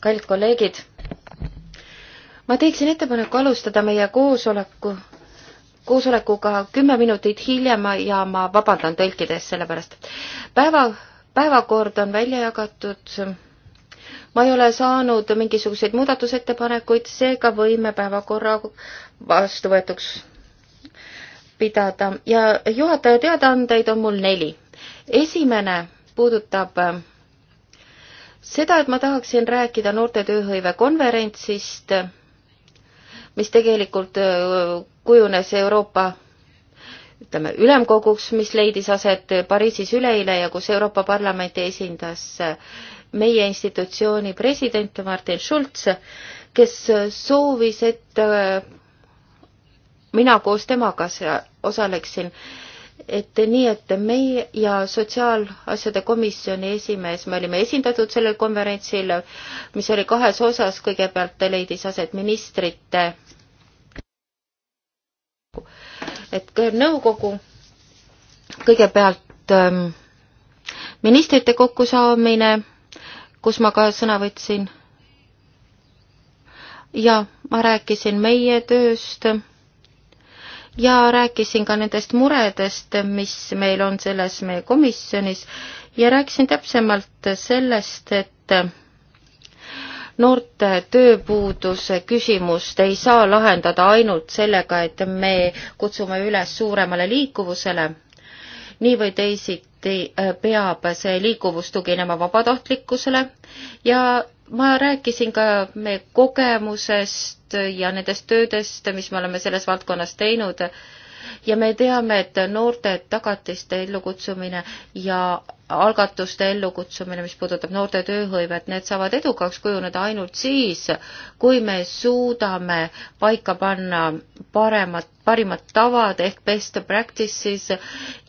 kallid kolleegid, ma teeksin ettepaneku alustada meie koosoleku, koosolekuga kümme minutit hiljem ja ma vabandan tõlkide eest selle pärast. päeva, päevakord on välja jagatud, ma ei ole saanud mingisuguseid muudatusettepanekuid, seega võime päevakorra vastuvõetuks pidada ja juhataja teadaandeid on mul neli. esimene puudutab seda, et ma tahaksin rääkida noorte tööhõive konverentsist, mis tegelikult äh, kujunes Euroopa ütleme, ülemkoguks, mis leidis aset Pariisis üleeile ja kus Euroopa Parlamenti esindas äh, meie institutsiooni president Martin Schulz, kes äh, soovis, et mina koos temaga osaleksin et nii, et meie ja Sotsiaalasjade komisjoni esimees, me olime esindatud sellel konverentsil, mis oli kahes osas, kõigepealt leidis aset ministrite et nõukogu kõigepealt ähm, ministrite kokkusaamine, kus ma ka sõna võtsin ja ma rääkisin meie tööst ja rääkisin ka nendest muredest, mis meil on selles meie komisjonis ja rääkisin täpsemalt sellest, et noorte tööpuuduse küsimust ei saa lahendada ainult sellega, et me kutsume üles suuremale liikuvusele. nii või teisiti peab see liikuvus tuginema vabatahtlikkusele ja ma rääkisin ka meie kogemusest ja nendest töödest, mis me oleme selles valdkonnas teinud ja me teame, et noorte tagatiste ellukutsumine ja algatuste ellukutsumine, mis puudutab noorte tööhõivet, need saavad edukaks kujuneda ainult siis, kui me suudame paika panna paremad parimad tavad ehk best practices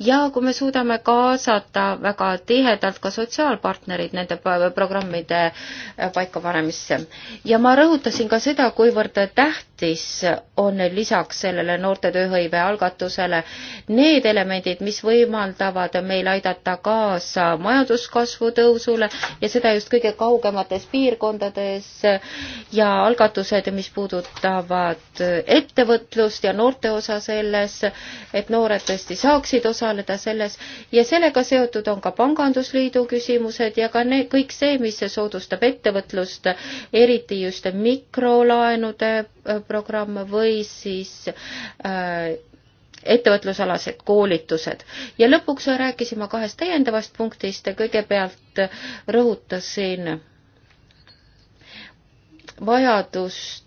ja kui me suudame kaasata väga tihedalt ka sotsiaalpartnerid nende programmide äh, paikapanemisse. ja ma rõhutasin ka seda, kuivõrd tähtis on lisaks sellele noorte tööhõive algatusele need elemendid, mis võimaldavad meil aidata kaasa majanduskasvu tõusule ja seda just kõige kaugemates piirkondades ja algatused, mis puudutavad ettevõtlust ja noorte noorte osa selles, et noored tõesti saaksid osaleda selles ja sellega seotud on ka pangandusliidu küsimused ja ka need, kõik see, mis soodustab ettevõtlust, eriti just mikrolaenude äh, programm või siis äh, ettevõtlusalased koolitused. ja lõpuks rääkisin ma kahest täiendavast punktist, kõigepealt rõhutasin vajadust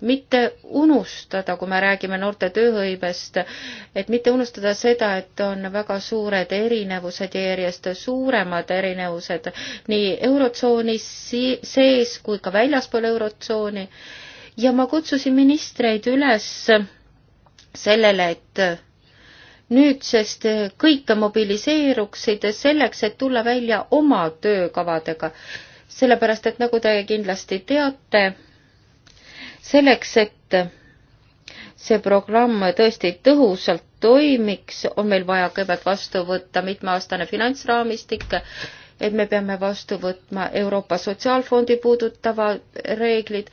mitte unustada, kui me räägime noorte tööhõivest, et mitte unustada seda, et on väga suured erinevused ja järjest suuremad erinevused nii Eurotsooni sees kui ka väljaspool Eurotsooni. ja ma kutsusin ministreid üles sellele, et nüüdsest kõik mobiliseeruksid selleks, et tulla välja oma töökavadega. sellepärast, et nagu te kindlasti teate, selleks, et see programm tõesti tõhusalt toimiks, on meil vaja kõigepealt vastu võtta mitmeaastane finantsraamistik, et me peame vastu võtma Euroopa Sotsiaalfondi puudutava reeglid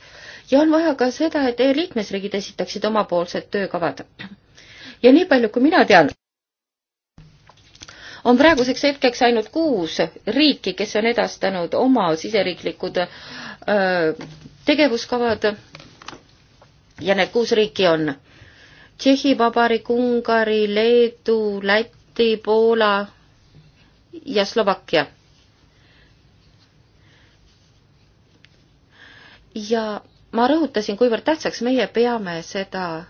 ja on vaja ka seda, et liikmesriigid esitaksid omapoolsed töökavad. ja nii palju, kui mina tean, on praeguseks hetkeks ainult kuus riiki, kes on edastanud oma siseriiklikud öö, äh, tegevuskavad ja need kuus riiki on Tšehhi Vabariik, Ungari, Leedu, Läti, Poola ja Slovakkia. ja ma rõhutasin, kuivõrd tähtsaks meie peame seda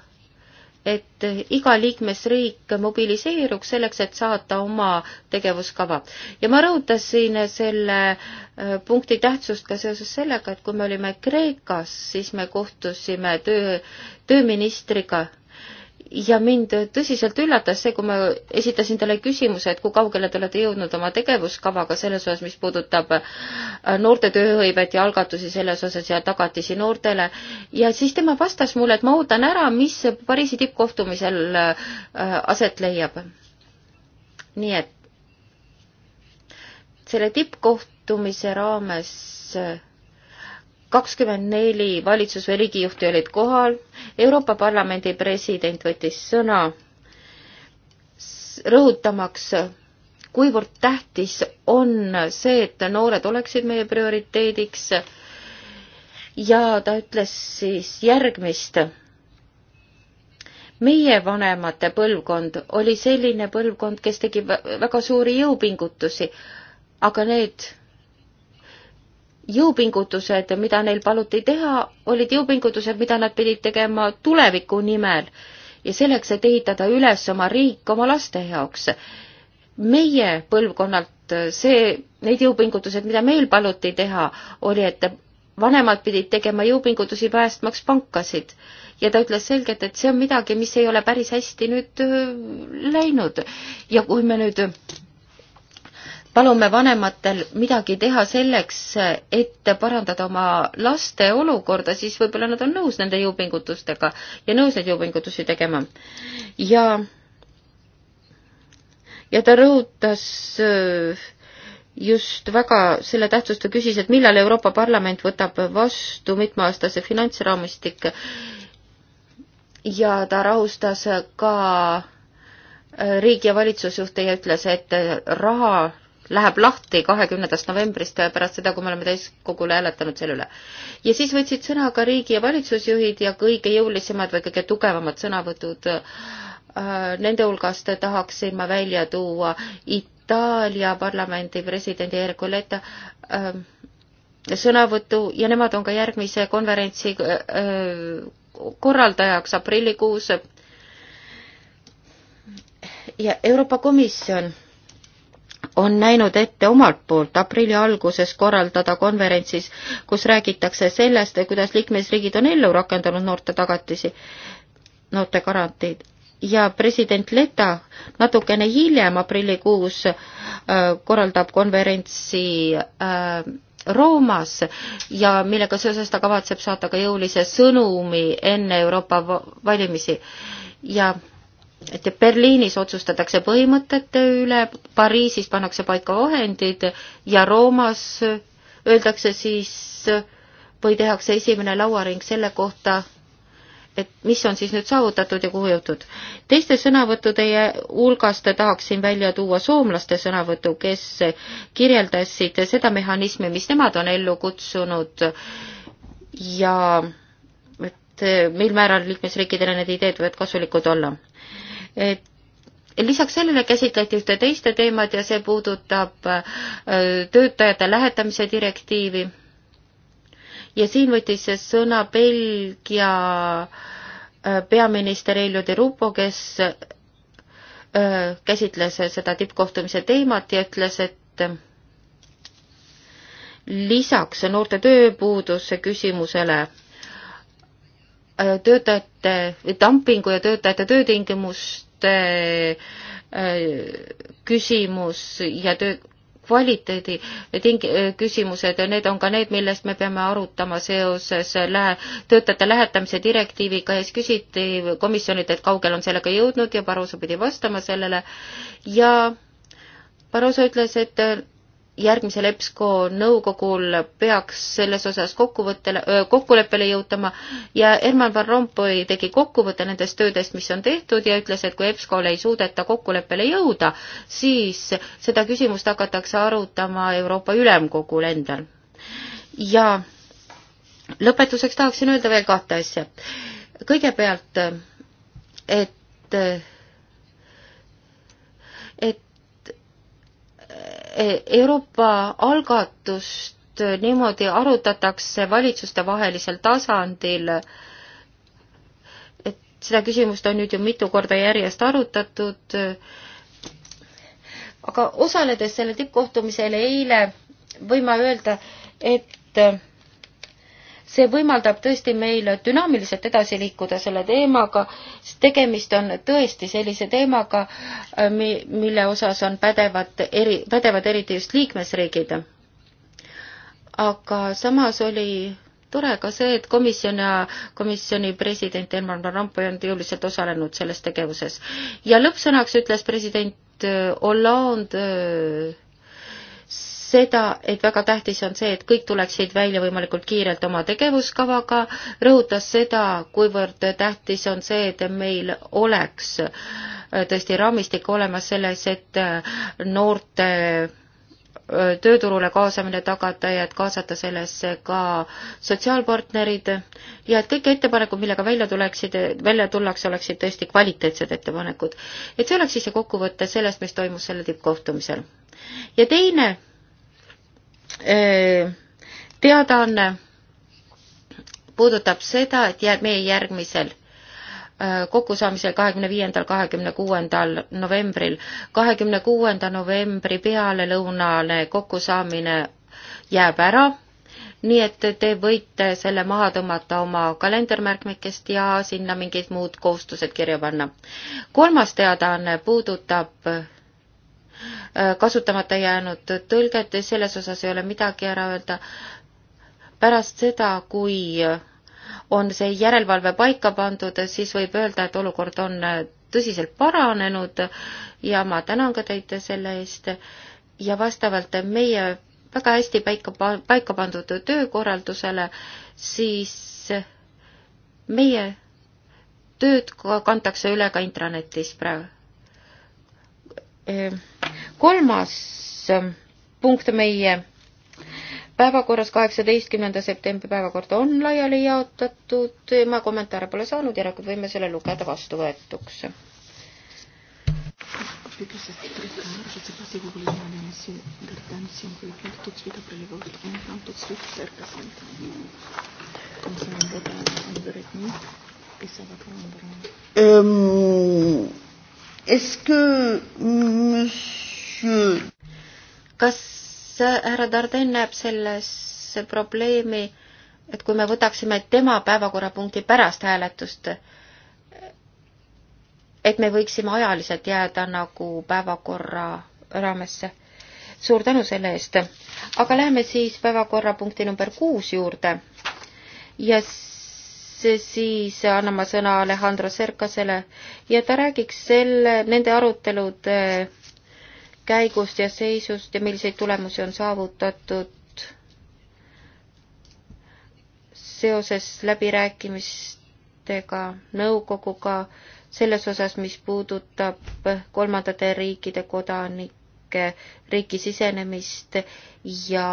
et iga liikmesriik mobiliseeruks selleks, et saata oma tegevuskava. ja ma rõhutasin selle äh, punkti tähtsust ka seoses sellega, et kui me olime Kreekas, siis me kohtusime töö, tööministriga ja mind tõsiselt üllatas see, kui ma esitasin talle küsimuse, et kui kaugele te olete jõudnud oma tegevuskavaga selles osas, mis puudutab äh, noorte tööhõivet ja algatusi selles osas ja tagatisi noortele. ja siis tema vastas mulle, et ma ootan ära, mis Pariisi tippkohtumisel äh, aset leiab. nii et selle tippkohtumise raames äh, kakskümmend neli valitsus- või riigijuhti olid kohal, Euroopa Parlamendi president võttis sõna, rõhutamaks, kuivõrd tähtis on see, et noored oleksid meie prioriteediks ja ta ütles siis järgmist. meie vanemate põlvkond oli selline põlvkond, kes tegi väga suuri jõupingutusi, aga need jõupingutused, mida neil paluti teha, olid jõupingutused, mida nad pidid tegema tuleviku nimel ja selleks, et ehitada üles oma riik oma laste jaoks. meie põlvkonnalt see, need jõupingutused, mida meil paluti teha, oli, et vanemad pidid tegema jõupingutusi päästmaks pankasid ja ta ütles selgelt, et see on midagi, mis ei ole päris hästi nüüd äh, läinud ja kui me nüüd palume vanematel midagi teha selleks, et parandada oma laste olukorda, siis võib-olla nad on nõus nende jõupingutustega ja nõus neid jõupingutusi tegema. ja, ja ta rõhutas äh, just väga selle tähtsust ta küsis, et millal Euroopa Parlament võtab vastu mitmeaastase finantsraamistik ja ta rahustas ka äh, riigi- ja valitsusjuhte ja ütles, et äh, raha läheb lahti kahekümnendast novembrist pärast seda, kui me oleme täiskogule hääletanud selle üle. ja siis võtsid sõna ka riigi- ja valitsusjuhid ja kõige jõulisemad või kõige tugevamad sõnavõtud. Nende hulgast tahaksin ma välja tuua Itaalia parlamendi presidendi Ercoleta ähm, sõnavõtu ja nemad on ka järgmise konverentsi äh, korraldajaks aprillikuus. ja Euroopa Komisjon on näinud ette omalt poolt aprilli alguses korraldada konverentsis, kus räägitakse sellest, kuidas liikmesriigid on ellu rakendanud noorte tagatisi, noorte garantiid. ja president Leta natukene hiljem, aprillikuus, äh, korraldab konverentsi äh, Roomas ja millega seoses ta kavatseb saata ka jõulise sõnumi enne Euroopa valimisi ja et Berliinis otsustatakse põhimõtete üle, Pariisis pannakse paika vahendid ja Roomas öeldakse siis või tehakse esimene lauaring selle kohta, et mis on siis nüüd saavutatud ja kuhu jõutud. teiste sõnavõttude hulgast tahaksin välja tuua soomlaste sõnavõtu, kes kirjeldasid seda mehhanismi, mis nemad on ellu kutsunud ja et mil määral liikmesriikidele need ideed võivad kasulikud olla lisaks sellele käsitleti ühte teiste teemat ja see puudutab äh, töötajate lähetamise direktiivi. ja siin võttis sõna Belgia äh, peaminister Elio de Rupo, kes äh, käsitles seda tippkohtumise teemat ja ütles, et lisaks noorte tööpuuduse küsimusele töötajate, dumpingu ja töötajate töötingimust töökohtade äh, küsimus ja töö kvaliteedi ting-, äh, küsimused, need on ka need, millest me peame arutama seoses lähe-, töötajate lähetamise direktiiviga ja siis küsiti komisjonilt, et kaugel on sellega jõudnud ja Barroso pidi vastama sellele ja Barroso ütles, et järgmisel EBSCO nõukogul peaks selles osas kokkuvõttele, kokkuleppele jõutama ja Herman Van Rompuy tegi kokkuvõtte nendest töödest, mis on tehtud ja ütles, et kui EBSCO-l ei suudeta kokkuleppele jõuda, siis seda küsimust hakatakse arutama Euroopa Ülemkogul endal. ja lõpetuseks tahaksin öelda veel kahte asja. kõigepealt, et Euroopa algatust niimoodi arutatakse valitsustevahelisel tasandil, et seda küsimust on nüüd ju mitu korda järjest arutatud, aga osaledes sellel tippkohtumisel eile, võin ma öelda, et see võimaldab tõesti meil dünaamiliselt edasi liikuda selle teemaga, sest tegemist on tõesti sellise teemaga, äh, mi-, mille osas on pädevad eri, pädevad eriti just liikmesriigid. aga samas oli tore ka see, et komisjon ja komisjoni president Elmar Van Rompuy on jõuliselt osalenud selles tegevuses. ja lõppsõnaks ütles president äh, Hollande äh, seda, et väga tähtis on see, et kõik tuleksid välja võimalikult kiirelt oma tegevuskavaga, rõhutas seda, kuivõrd tähtis on see, et meil oleks äh, tõesti raamistik olemas selles, et äh, noorte äh, tööturule kaasamine tagada ja et kaasata sellesse ka sotsiaalpartnerid ja et kõik ettepanekud, millega välja tuleksid, välja tullakse, oleksid tõesti kvaliteetsed ettepanekud. et see oleks siis see kokkuvõte sellest, mis toimus sellel tippkohtumisel. ja teine Äh, teadaanne puudutab seda, et jääb meie järgmisel äh, kokkusaamisel kahekümne viiendal, kahekümne kuuendal novembril. kahekümne kuuenda novembri pealelõunane kokkusaamine jääb ära, nii et te võite selle maha tõmmata oma kalendermärkmikest ja sinna mingid muud kohustused kirja panna. kolmas teadaanne puudutab Äh, kasutamata jäänud tõlget, selles osas ei ole midagi ära öelda. pärast seda, kui on see järelevalve paika pandud, siis võib öelda, et olukord on tõsiselt paranenud ja ma tänan ka teid selle eest ja vastavalt meie väga hästi paika, paika pandud töökorraldusele, siis meie tööd kantakse üle ka intranetis praegu kolmas punkt meie päevakorras, kaheksateistkümnenda septembri päevakord on laiali jaotatud, ma kommentaare pole saanud, järelikult võime selle lugeda vastuvõetuks. Um, Est-ce que monsieur... kas härra Darden näeb selles probleemi, et kui me võtaksime tema päevakorrapunkti pärast hääletust, et me võiksime ajaliselt jääda nagu päevakorra raamesse? suur tänu selle eest. aga läheme siis päevakorrapunkti number kuus juurde ja siis annan ma sõna Alejandro Serkasele ja ta räägiks selle, nende arutelude käigust ja seisust ja milliseid tulemusi on saavutatud seoses läbirääkimistega nõukoguga selles osas, mis puudutab kolmandate riikide kodanike riiki sisenemist ja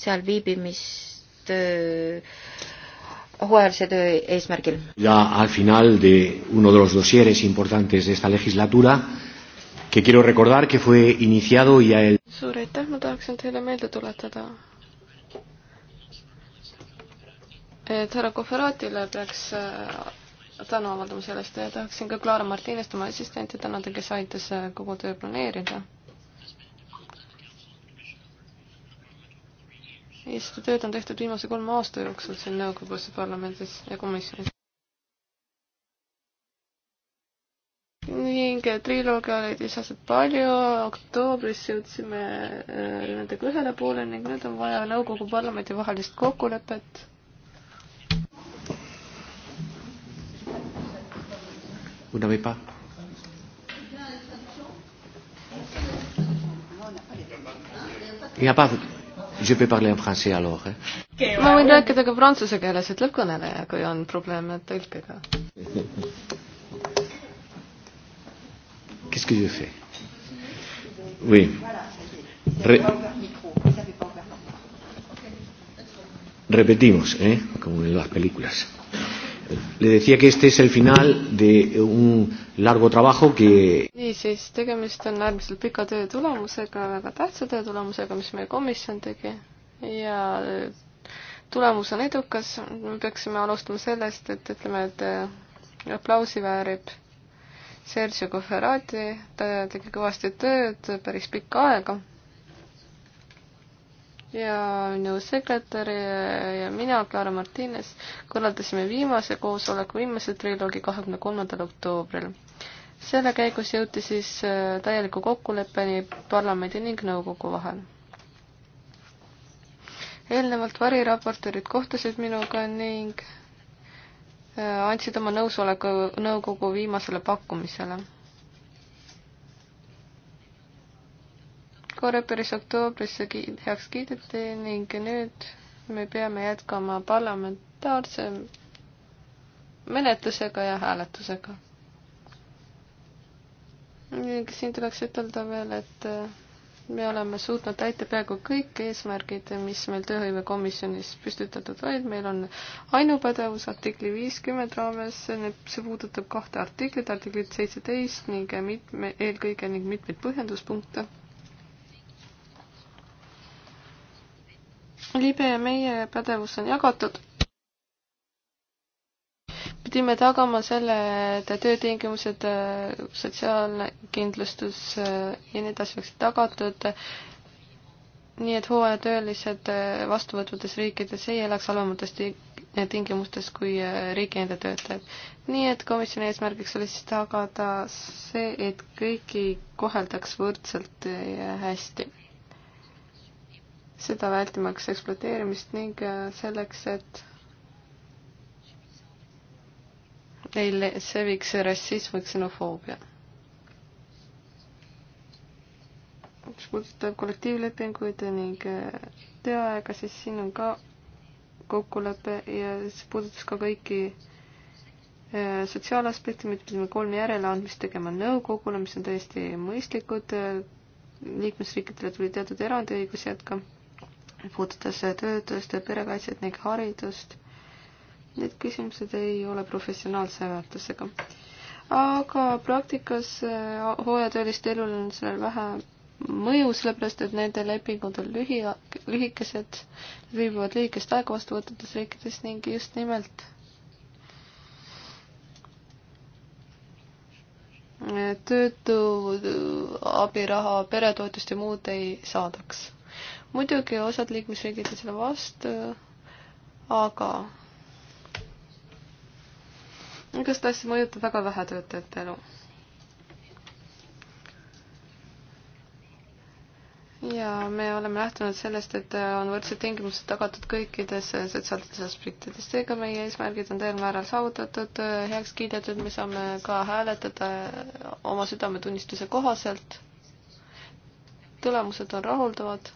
seal viibimist öö, hooajalise töö eesmärgil. ja al final de uno de los dosieres importantes de esta legislatura que quiero recordar que fue iniciado ya el suur aitäh, ma tahaksin teile meelde tuletada, et härra Koferaatile peaks äh, tänu avaldama sellest ja tahaksin ka Klaara Martinest, oma assistenti tänada, kes aitas äh, kogu töö planeerida ja seda tööd on tehtud viimase kolme aasta jooksul siin nõukogus ja parlamendis ja komisjonis. ning triloogia oli lisaselt palju, oktoobris jõudsime äh, nendega ühele poole ning nüüd on vaja nõukogu parlamendi vahelist kokkulepet Vous n'avez pas Il n'y a pas. Je peux parler en français alors eh?. ma võin rääkida ka prantsuse keeles, ütleb kõneleja, kui on probleeme tõlkega. Qu'est-ce que je fais Oui. Re... Repetimos, ¿eh? Como en las películas. Le decía que este es el final de un largo trabajo que niisiis, tegemist on äärmiselt pika töö tulemusega, väga tähtsa töö tulemusega, mis meie komisjon tegi ja äh, tulemus on edukas, me peaksime alustama sellest, et ütleme, et äh, aplausi väärib Sergio Cofferati, ta tegi kõvasti tööd päris pikka aega ja minu sekretär ja mina, Clara Martines, korraldasime viimase koosoleku, viimase triloogi kahekümne kolmandal oktoobril. selle käigus jõuti siis äh, täieliku kokkuleppeni parlamendi ning nõukogu vahel. eelnevalt variraportöörid kohtusid minuga ning äh, andsid oma nõusoleku nõukogu viimasele pakkumisele Koreperis oktoobris see heaks kiideti ning nüüd me peame jätkama parlamentaarse menetlusega ja hääletusega. siin tuleks ütelda veel, et äh, me oleme suutnud täita peaaegu kõik eesmärgid, mis meil tööhõivekomisjonis püstitatud olid, meil on ainupädevus artikli viiskümmend raames, see puudutab kahte artiklit, artiklit seitseteist ning mitme, eelkõige ning mitmeid põhjenduspunkte libe ja meie pädevus on jagatud. pidime tagama selle, et töötingimused, sotsiaalne kindlustus äh, ja nii edasi oleksid tagatud, nii et hooajatöölised äh, vastuvõtvates riikides ei elaks halvemates tingimustes kui äh, riigi enda töötajad. nii et komisjoni eesmärgiks oli siis tagada see, et kõiki koheldaks võrdselt ja hästi seda vältimaks ekspluateerimist ning äh, selleks, et neil seviks rassism või ksenofoobia. mis puudutab kollektiivlepinguid ning äh, tööaega, siis siin on ka kokkulepe ja see puudutas ka kõiki äh, sotsiaalaspekti, me pidime kolm järeleandmist tegema nõukogule, mis on täiesti mõistlikud, liikmesriikidele tuli teatud erandiõigus jätka puudutas töötust ja perekaitset ning haridust. Need küsimused ei ole professionaalse väärtusega. aga praktikas äh, hooajatööliste elul on sellel vähe mõju, sellepärast et nende lepingud on lühi, lühikesed, viibivad lühikest aega vastuvõtvates riikides ning just nimelt äh, töötu abiraha, peretoetust ja muud ei saadaks muidugi osad liikmesriigid on selle vastu, aga igastahes see mõjutab väga vähe töötajate elu. ja me oleme lähtunud sellest, et on võrdsed tingimused tagatud kõikides sotsiaalsetes aspektides, seega meie eesmärgid on täiel määral saavutatud, heaks kiidetud, me saame ka hääletada oma südametunnistuse kohaselt. tulemused on rahuldavad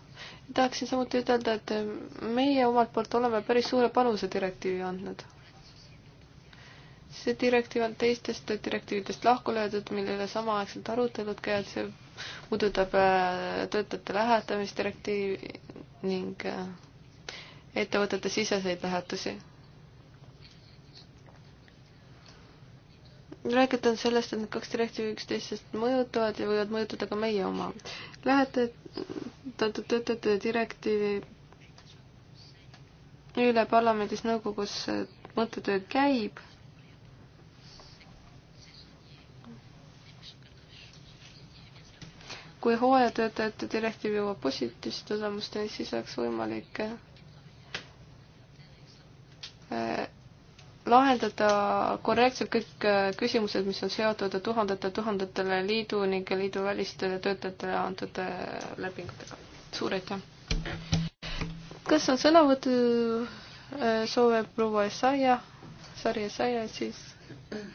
tahaksin samuti ütelda, et meie omalt poolt oleme päris suure panuse direktiivi andnud. see direktiiv on teistest direktiividest lahku löödud, millele samaaegselt arutelud käivad, see puudutab äh, töötajate lähetamisdirektiivi ning äh, ettevõtete siseseid lähetusi räägiti on sellest, et need kaks direktiivi üksteisest mõjutavad ja võivad mõjutada ka meie oma. lähetatud töötajate direktiivi üle parlamendis nõukogus mõttetöö käib. kui hooajatöötajate direktiiv jõuab positiivse tulemusteni, siis oleks võimalik lahendada korrektselt kõik äh, küsimused, mis on seotud tuhandete-tuhandetele liidu ning liidu välistele töötajatele antud äh, lepingutega. suur aitäh! kas on sõnavõtu äh, soove proua Essaia, sari Essaia, siis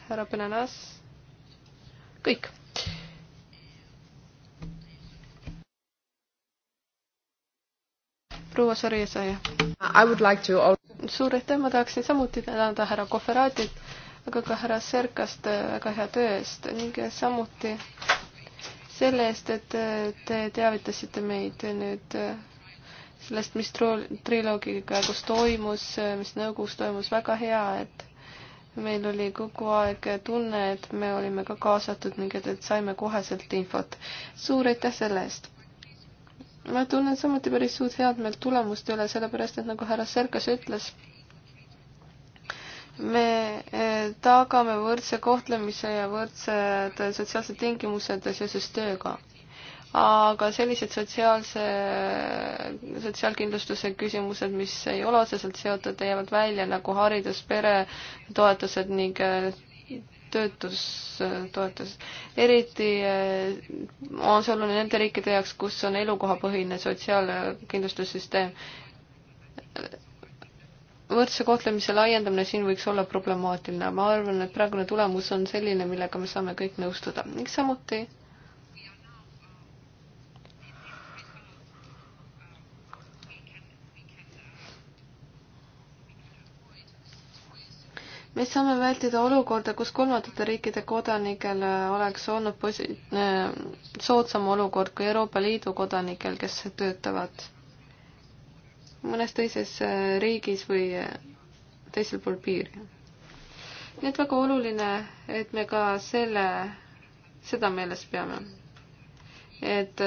härra Benanas, kõik proua Sari Esaja. I would like to suur aitäh, ma tahaksin samuti tänada härra Koferaadit, aga ka härra Serkast äh, väga hea töö eest ning samuti selle eest, et äh, te teavitasite meid nüüd äh, sellest, mis triloogiga, kus toimus, mis nõukogus toimus, väga hea, et meil oli kogu aeg tunne, et me olime ka kaasatud ning et, et saime koheselt infot. suur aitäh selle eest! ma tunnen samuti päris suurt headmeelt tulemuste üle, sellepärast et nagu härra Serkas ütles, me eh, tagame võrdse kohtlemise ja võrdsed sotsiaalsed tingimused seoses tööga. aga sellised sotsiaalse, sotsiaalkindlustuse küsimused, mis ei ole otseselt seotud, jäävad välja nagu haridus, peretoetused ning eh, töötustoetus. eriti eh, on see oluline nende riikide jaoks, kus on elukohapõhine sotsiaalkindlustussüsteem. võrdse kohtlemise laiendamine siin võiks olla problemaatiline, ma arvan, et praegune tulemus on selline, millega me saame kõik nõustuda ning samuti me saame vältida olukorda, kus kolmandate riikide kodanikel oleks olnud posi-, äh, soodsam olukord kui Euroopa Liidu kodanikel, kes töötavad mõnes teises äh, riigis või äh, teisel pool piiri. nii et väga oluline, et me ka selle, seda meeles peame. et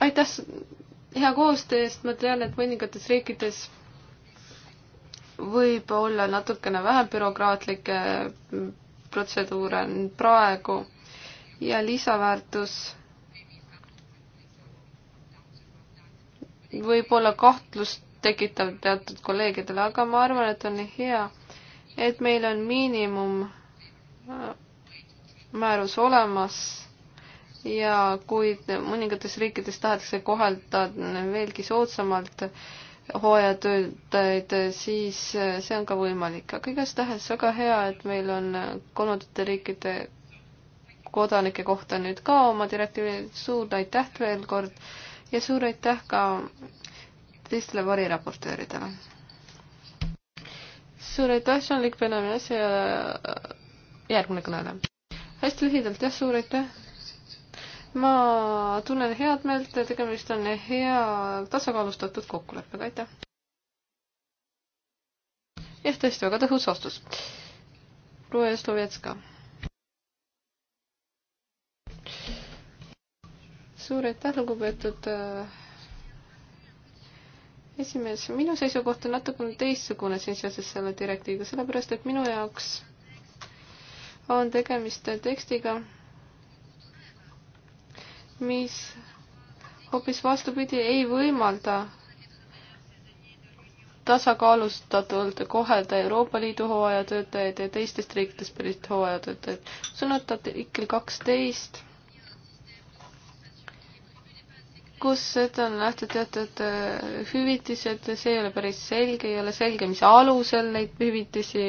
aitäh hea koostöö eest, ma tean, et mõningates riikides võib olla natukene vähem bürokraatlikke mm, protseduure praegu ja lisaväärtus võib olla kahtlust tekitav teatud kolleegidele, aga ma arvan, et on hea, et meil on miinimum äh, määrus olemas ja kui mõningates riikides tahetakse kohelda veelgi soodsamalt hooajatöötajaid, siis äh, see on ka võimalik, aga igastahes väga hea, et meil on kolmandate riikide kodanike kohta nüüd ka oma direktiivi, suur aitäh veel kord ja suur aitäh ka teistele variraportööridele. suur aitäh, Jean-Luc Benamias ja äh, järgmine kõneleja. hästi lühidalt jah, suur aitäh ma tunnen head meelt, tegemist on hea tasakaalustatud kokkuleppega, aitäh. jah, tõesti väga tõhus vastus. Luja Slovetska. suur aitäh, lugupeetud äh, esimees, minu seisukoht on natukene teistsugune siin seoses selle direktiiviga, sellepärast et minu jaoks on tegemist tekstiga mis hoopis vastupidi ei võimalda tasakaalustatult kohelda Euroopa Liidu hooajatöötajaid ja teistest riikidest pärit hooajatöötajaid. sõnad artikkel kaksteist, kus ette on nähtud teatud äh, hüvitised, see ei ole päris selge, ei ole selge, mis alusel neid hüvitisi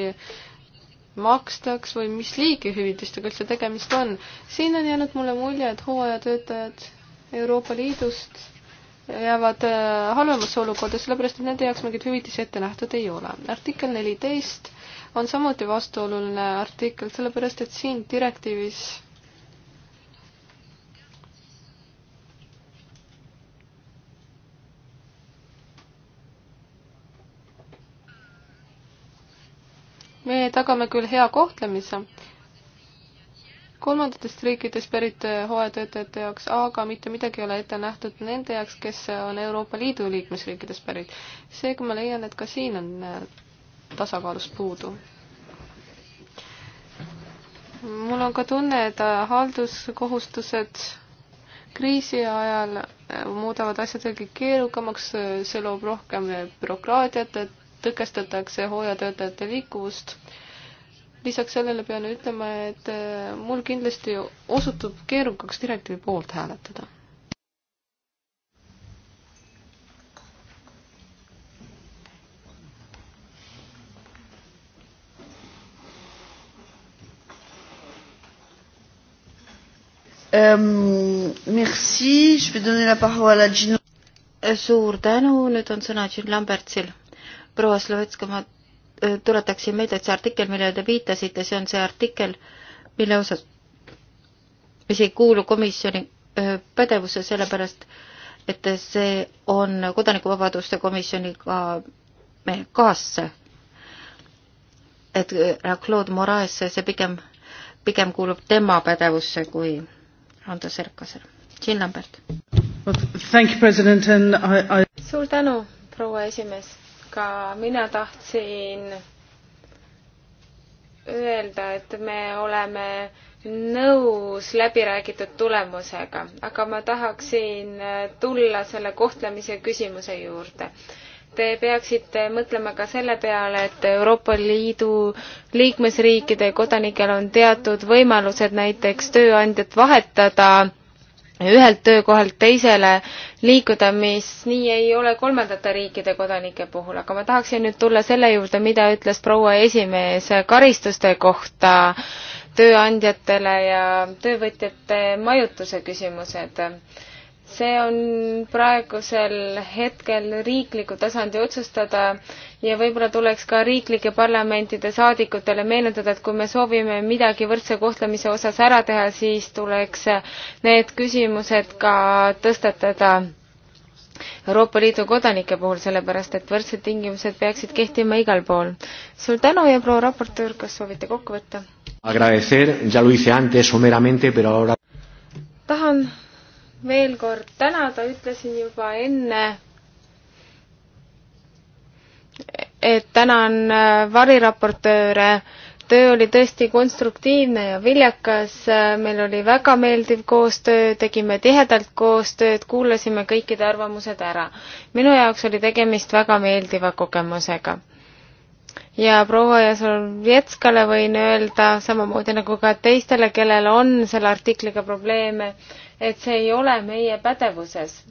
makstaks või mis liigi hüvitistega üldse tegemist on. siin on jäänud mulle mulje, et hooajatöötajad Euroopa Liidust jäävad äh, halvemasse olukorda, sellepärast et nende jaoks mingeid hüvitisi ette nähtud ei ole. artikkel neliteist on samuti vastuoluline artikkel, sellepärast et siin direktiivis me tagame küll hea kohtlemise kolmandatest riikidest pärit äh, hooajatöötajate jaoks, aga mitte midagi ei ole ette nähtud nende jaoks, kes äh, on Euroopa Liidu liikmesriikidest pärit. seega ma leian, et ka siin on äh, tasakaalust puudu. mul on ka tunne, et halduskohustused kriisi ajal muudavad asjad veelgi keerukamaks, see loob rohkem bürokraatiat, et tõkestatakse hooajatöötajate liikuvust. lisaks sellele pean ütlema, et äh, mul kindlasti osutub keerukaks direktiivi poolt hääletada. Um, merci, je vais donner la parole à Gino. Suur tänu, nüüd on sõna Jean Lambertsil proua Slovetska, ma äh, tuletaksin meelde, et see artikkel, millele te viitasite, see on see artikkel, mille osas, mis ei kuulu komisjoni äh, pädevusse, sellepärast et see on Kodanikuvabaduste komisjoniga meie kaasse. et äh, Claude Moraes, see pigem, pigem kuulub tema pädevusse kui Ando Serkasele. Jean Lambert well,. I... suur tänu, proua esimees ka mina tahtsin öelda, et me oleme nõus läbiräägitud tulemusega, aga ma tahaksin tulla selle kohtlemise küsimuse juurde. Te peaksite mõtlema ka selle peale, et Euroopa Liidu liikmesriikide kodanikel on teatud võimalused näiteks tööandjat vahetada ühelt töökohalt teisele liikuda, mis nii ei ole kolmandate riikide kodanike puhul, aga ma tahaksin nüüd tulla selle juurde, mida ütles proua esimees karistuste kohta tööandjatele ja töövõtjate majutuse küsimused. see on praegusel hetkel riikliku tasandi otsustada ja võib-olla tuleks ka riiklike parlamentide saadikutele meenutada, et kui me soovime midagi võrdse kohtlemise osas ära teha, siis tuleks need küsimused ka tõstatada Euroopa Liidu kodanike puhul, sellepärast et võrdsed tingimused peaksid kehtima igal pool. suur tänu ja proua raportöör, kas soovite kokku võtta? tahan veel kord tänada, ütlesin juba enne et tänan äh, variraportööre. töö oli tõesti konstruktiivne ja viljakas, meil oli väga meeldiv koostöö, tegime tihedalt koostööd, kuulasime kõikide arvamused ära. minu jaoks oli tegemist väga meeldiva kogemusega ja proua Jasovjetskale võin öelda, samamoodi nagu ka teistele, kellel on selle artikliga probleeme, et see ei ole meie pädevuses.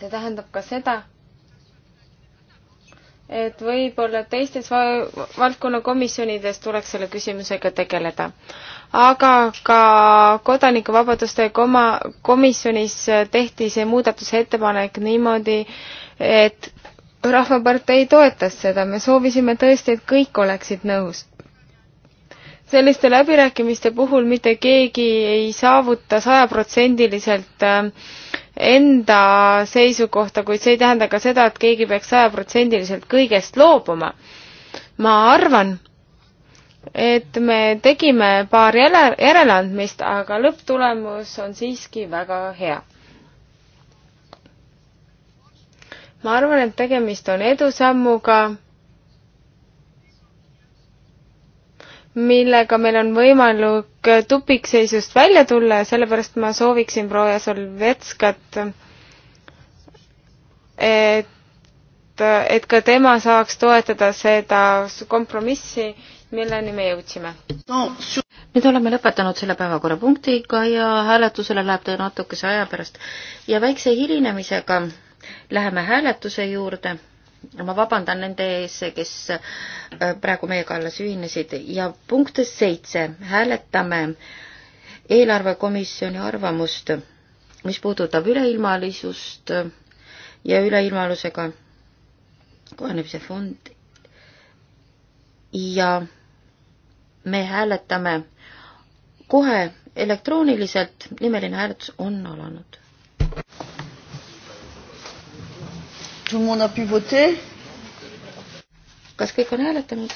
see tähendab ka seda, et võib-olla teistes valdkonnakomisjonides tuleks selle küsimusega tegeleda. aga ka kodanikuvabaduste koma-, komisjonis tehti see muudatusettepanek niimoodi, et Rahvapartei toetas seda, me soovisime tõesti, et kõik oleksid nõus. selliste läbirääkimiste puhul mitte keegi ei saavuta sajaprotsendiliselt äh, enda seisukohta, kuid see ei tähenda ka seda, et keegi peaks sajaprotsendiliselt kõigest loobuma. ma arvan, et me tegime paar jäle, järeleandmist, aga lõpptulemus on siiski väga hea. ma arvan, et tegemist on edusammuga millega meil on võimalik tupikseisust välja tulla ja sellepärast ma sooviksin proua Solvetskat, et, et ka tema saaks toetada seda kompromissi, milleni me jõudsime no,. nüüd oleme lõpetanud selle päevakorrapunktiga ja hääletusele läheb ta natukese aja pärast ja väikse hilinemisega läheme hääletuse juurde ma vabandan nende ees, kes äh, praegu meiega alles ühinesid ja punkt seitse, hääletame eelarvekomisjoni arvamust, mis puudutab üleilmalisust ja üleilmalusega kohanemise fond ja me hääletame kohe elektrooniliselt, nimeline hääletus on alanud kas kõik on hääletanud?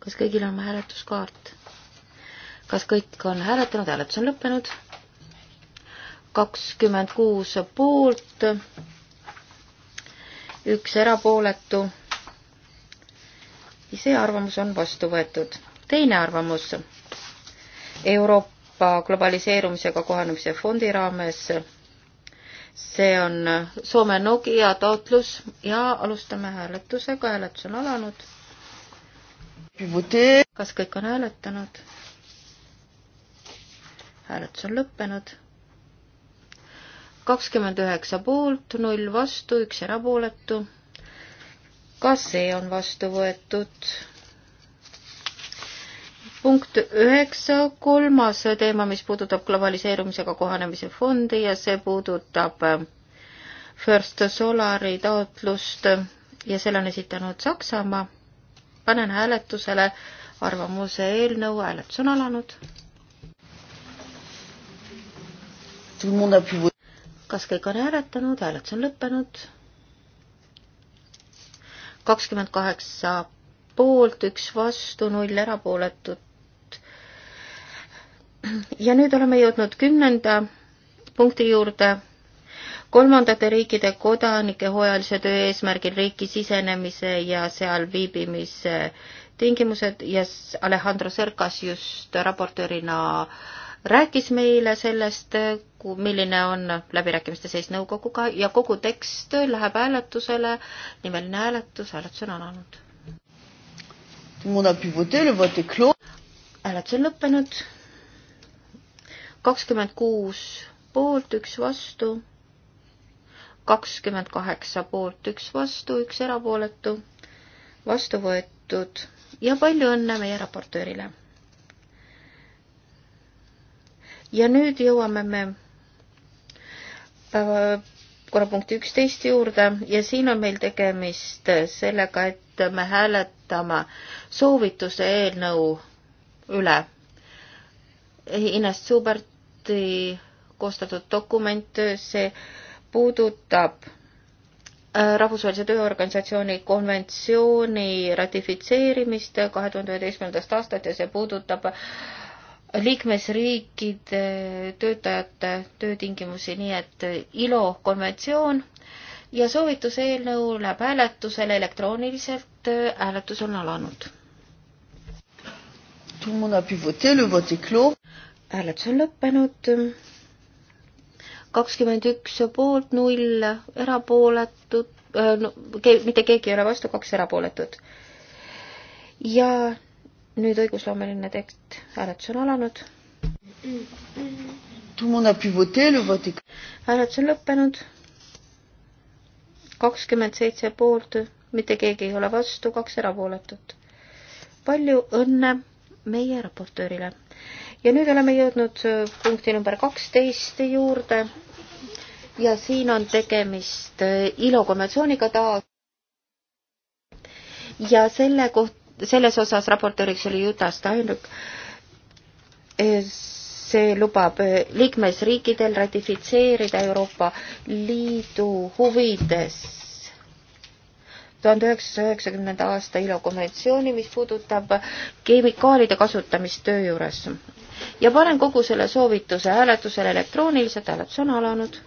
kas kõigil on hääletuskaart? kas kõik on hääletanud, hääletus on lõppenud? kakskümmend kuus poolt, üks erapooletu. see arvamus on vastu võetud. teine arvamus Euroopa Euroopa globaliseerumisega kohanemise fondi raames. see on Soome Nokia taotlus ja alustame hääletusega, hääletus on alanud. kas kõik on hääletanud? hääletus on lõppenud. kakskümmend üheksa poolt, null vastu, üks erapooletu. ka see on vastu võetud punkt üheksa, kolmas teema, mis puudutab globaliseerumisega kohanemise fondi ja see puudutab äh, First Solari taotlust ja selle on esitanud Saksamaa. panen hääletusele arvamuse eelnõu, hääletus on alanud. kas kõik on hääletanud, hääletus on lõppenud? kakskümmend kaheksa poolt, üks vastu, null erapooletut ja nüüd oleme jõudnud kümnenda punkti juurde. kolmandate riikide kodanike hooajalise töö eesmärgil riiki sisenemise ja seal viibimise tingimused ja Alejandro Serkas just raportöörina rääkis meile sellest, milline on läbirääkimiste seis nõukoguga ja kogu tekst läheb hääletusele, nimeline hääletus, hääletus on alanud. hääletus on lõppenud kakskümmend kuus poolt, üks vastu, kakskümmend kaheksa poolt, üks vastu, üks erapooletu, vastu võetud ja palju õnne meie raportöörile. ja nüüd jõuame me päevakorrapunkti äh, üksteist juurde ja siin on meil tegemist sellega, et me hääletame soovituse eelnõu üle Hiinast Suberti koostatud dokument, see puudutab äh, rahvusvahelise tööorganisatsiooni konventsiooni ratifitseerimist kahe tuhande üheteistkümnendast aastast ja see puudutab liikmesriikide töötajate töötingimusi, nii et ILO konventsioon ja soovituse eelnõu läheb hääletusele elektrooniliselt, hääletus on alanud hääletus on lõppenud. kakskümmend üks poolt, null erapooletut äh,, no, ke, mitte keegi ei ole vastu, kaks erapooletut. ja nüüd õigusloomeline tekst, hääletus on alanud. hääletus on lõppenud. kakskümmend seitse poolt, mitte keegi ei ole vastu, kaks erapooletut. palju õnne meie raportöörile ja nüüd oleme jõudnud äh, punkti number kaksteist juurde ja siin on tegemist äh, ILO konventsiooniga taas. ja selle koht-, selles osas raportööriks oli Juta Steinrück. Äh, see lubab liikmesriikidel ratifitseerida Euroopa Liidu huvides tuhande üheksasaja üheksakümnenda aasta ILO konventsiooni, mis puudutab kemikaalide kasutamist töö juures ja panen kogu selle soovituse hääletusele elektrooniliselt, hääletus on alanud.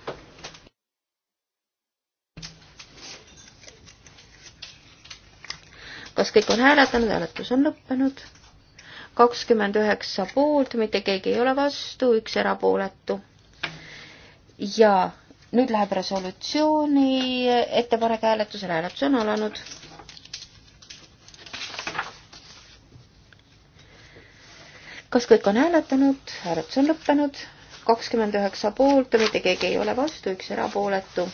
kas kõik on hääletanud, hääletus on lõppenud. kakskümmend üheksa poolt, mitte keegi ei ole vastu, üks erapooletu. ja nüüd läheb resolutsiooni ettepanek hääletusele, hääletus on alanud kas kõik on hääletanud? hääletus on lõppenud. kakskümmend üheksa poolt, mitte keegi ei ole vastu, üks erapooletu.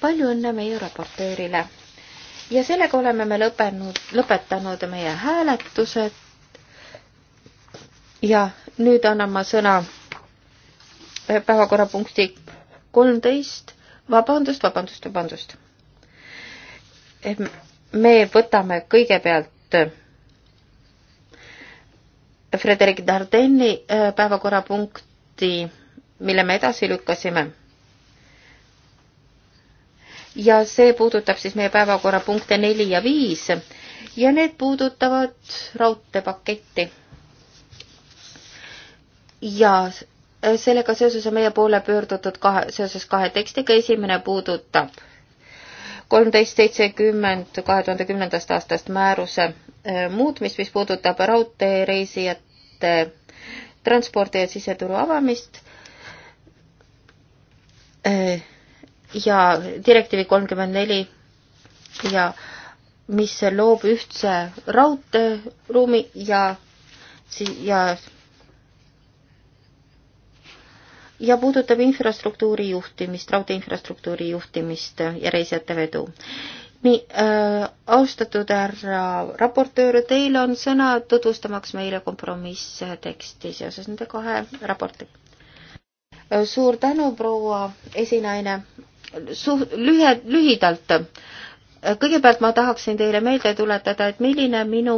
palju õnne meie raportöörile. ja sellega oleme me lõppenud, lõpetanud meie hääletused. ja nüüd annan ma sõna päevakorrapunkti kolmteist, vabandust, vabandust, vabandust. me võtame kõigepealt Frederik Dardenni äh, päevakorrapunkti, mille me edasi lükkasime. ja see puudutab siis meie päevakorrapunkte neli ja viis ja need puudutavad raudteepaketti. ja äh, sellega seoses on meie poole pöördutud kahe, seoses kahe tekstiga, esimene puudutab kolmteist seitsekümmend kahe tuhande kümnendast aastast määruse Äh, muutmist, mis puudutab raudteereisijate transpordi ja siseturu avamist äh, ja direktiivi kolmkümmend neli ja mis loob ühtse raudteeruumi ja si-, ja ja puudutab infrastruktuuri juhtimist, raudtee infrastruktuuri juhtimist ja reisijate vedu nii äh,, austatud härra raportöör, teil on sõna tutvustamaks meile kompromissteksti seoses nende kahe raportiga. Äh, suur tänu, proua esinaine. Suht-, lühe, lühidalt äh, kõigepealt ma tahaksin teile meelde tuletada, et milline minu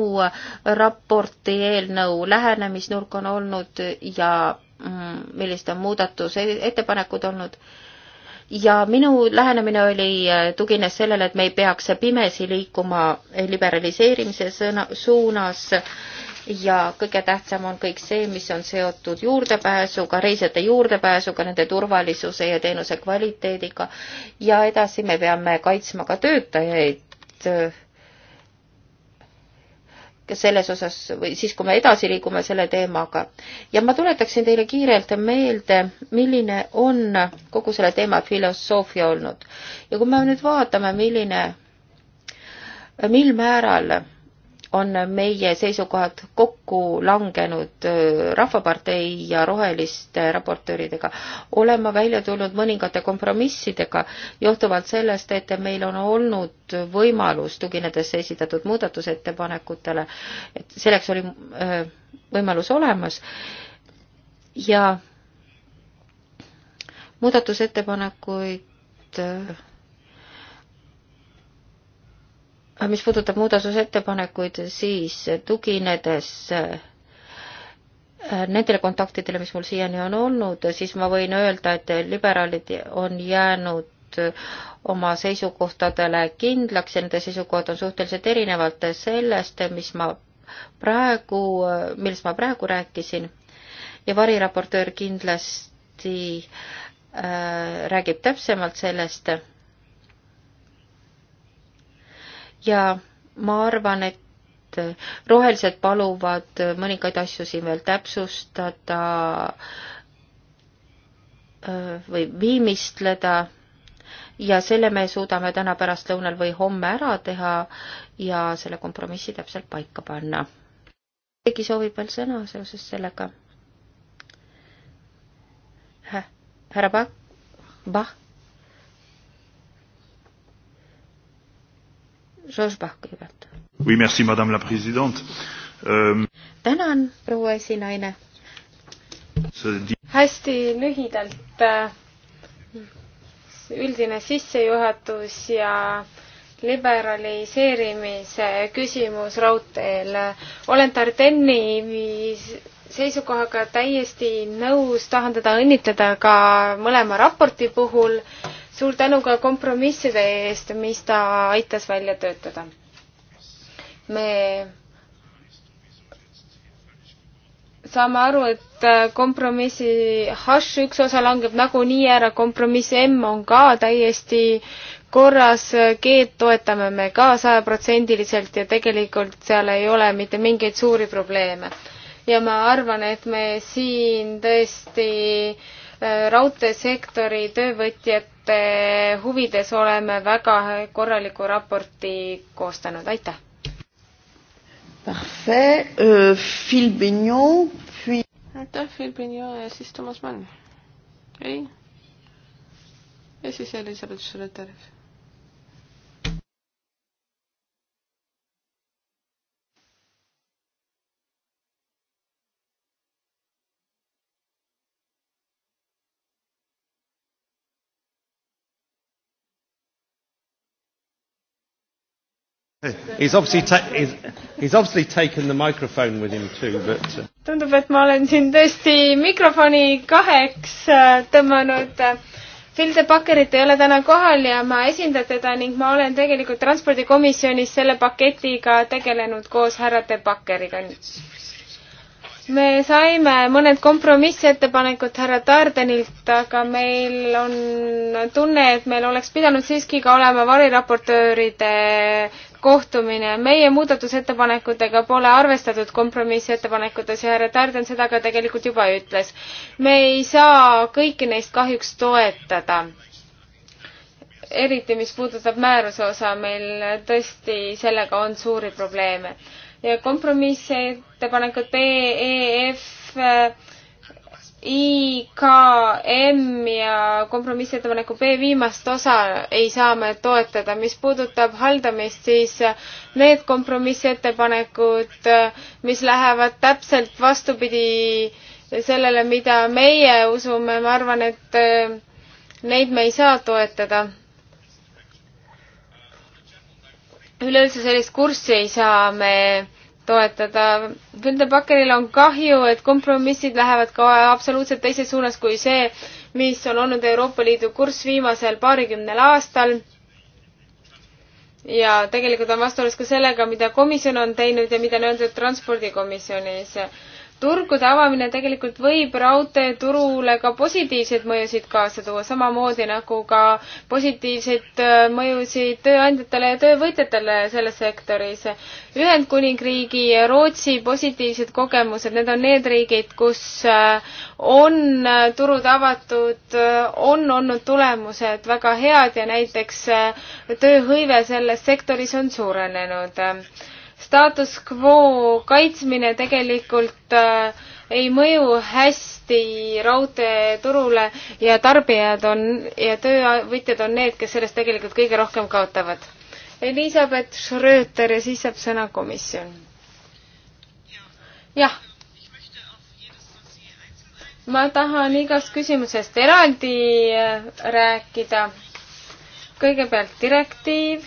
raporti eelnõu lähenemisnurk on olnud ja mm, millised on muudatusettepanekud olnud ja minu lähenemine oli, äh, tugines sellele, et me ei peaks pimesi liikuma liberaliseerimise sõna, suunas ja kõige tähtsam on kõik see, mis on seotud juurdepääsuga, reisijate juurdepääsuga, nende turvalisuse ja teenuse kvaliteediga ja edasi me peame kaitsma ka töötajaid äh, selles osas või siis, kui me edasi liigume selle teemaga. ja ma tuletaksin teile kiirelt meelde, milline on kogu selle teema filosoofia olnud. ja kui me nüüd vaatame, milline, mil määral on meie seisukohad kokku langenud äh, Rahvapartei ja Roheliste raportööridega. olen ma välja tulnud mõningate kompromissidega johtuvalt sellest, et meil on olnud võimalus, tuginedes esitatud muudatusettepanekutele, et selleks oli äh, võimalus olemas ja muudatusettepanekuid äh, mis puudutab muudatusettepanekuid, siis tuginedes äh, nendele kontaktidele, mis mul siiani on olnud, siis ma võin öelda, et liberaalid on jäänud äh, oma seisukohtadele kindlaks ja nende seisukohad on suhteliselt erinevalt sellest, mis ma praegu, äh, millest ma praegu rääkisin. ja variraportöör kindlasti äh, räägib täpsemalt sellest ja ma arvan, et rohelised paluvad mõningaid asju siin veel täpsustada äh, või viimistleda ja selle me suudame täna pärastlõunal või homme ära teha ja selle kompromissi täpselt paika panna. keegi soovib veel sõna seoses sellega? härra Bach? Bach? Georges Bach kõigepealt. Oui, merci, madame la présidente um.... tänan, proua esinaine. hästi lühidalt äh, üldine sissejuhatus ja liberaliseerimise küsimus raudteel. olen Tartenni seisukohaga täiesti nõus, tahan teda õnnitleda ka mõlema raporti puhul suur tänu ka kompromisside eest, mis ta aitas välja töötada. me saame aru, et kompromissi hash üks osa langeb nagunii ära, kompromiss M on ka täiesti korras, G-d toetame me ka sajaprotsendiliselt ja tegelikult seal ei ole mitte mingeid suuri probleeme. ja ma arvan, et me siin tõesti äh, raudteesektori töövõtjad kodanike huvides oleme väga korraliku raporti koostanud, aitäh! Parfait, euh, Phil Bignon, puis... aitäh, Phil Bignon ja siis Toomas Mann. ei? ja siis Elizabeth Schröder He's obviously, ta- he's, he's obviously taken the microphone with him too, but uh, tundub, et ma olen siin tõesti mikrofoni kaheks äh, tõmmanud. Phil de Bakkerit ei ole täna kohal ja ma esindan teda ning ma olen tegelikult transpordikomisjonis selle paketiga tegelenud koos härra de Bakkeriga. me saime mõned kompromissettepanekud härra Tardenilt, aga meil on tunne, et meil oleks pidanud siiski ka olema variraportööride kohtumine. meie muudatusettepanekutega pole arvestatud kompromissettepanekutes ja härra Tarden seda ka tegelikult juba ütles. me ei saa kõiki neist kahjuks toetada. eriti, mis puudutab määruse osa, meil tõesti sellega on suuri probleeme. ja kompromissettepanekud B, E, F IKM ja kompromissettepaneku B viimast osa ei saa me toetada. mis puudutab haldamist, siis need kompromissettepanekud, mis lähevad täpselt vastupidi sellele, mida meie usume, ma arvan, et eh, neid me ei saa toetada. üleüldse sellist kurssi ei saa me toetada. Wildebacheril on kahju, et kompromissid lähevad ka absoluutselt teises suunas kui see, mis on olnud Euroopa Liidu kurss viimasel paarikümnel aastal. ja tegelikult on vastuolus ka sellega, mida komisjon on teinud ja mida on öeldud transpordikomisjonis turgude avamine tegelikult võib raudteeturule ka positiivseid mõjusid kaasa tuua, samamoodi nagu ka positiivseid äh, mõjusid tööandjatele ja töövõtjatele selles sektoris. Ühendkuningriigi ja Rootsi positiivsed kogemused, need on need riigid, kus äh, on äh, turud avatud, on olnud tulemused väga head ja näiteks tööhõive selles sektoris on suurenenud staatus quo kaitsmine tegelikult äh, ei mõju hästi raudteeturule ja tarbijad on ja töövõtjad on need, kes sellest tegelikult kõige rohkem kaotavad. Elizabeth Schröter ja siis saab sõna komisjon. jah. ma tahan igast küsimusest eraldi äh, rääkida. kõigepealt direktiiv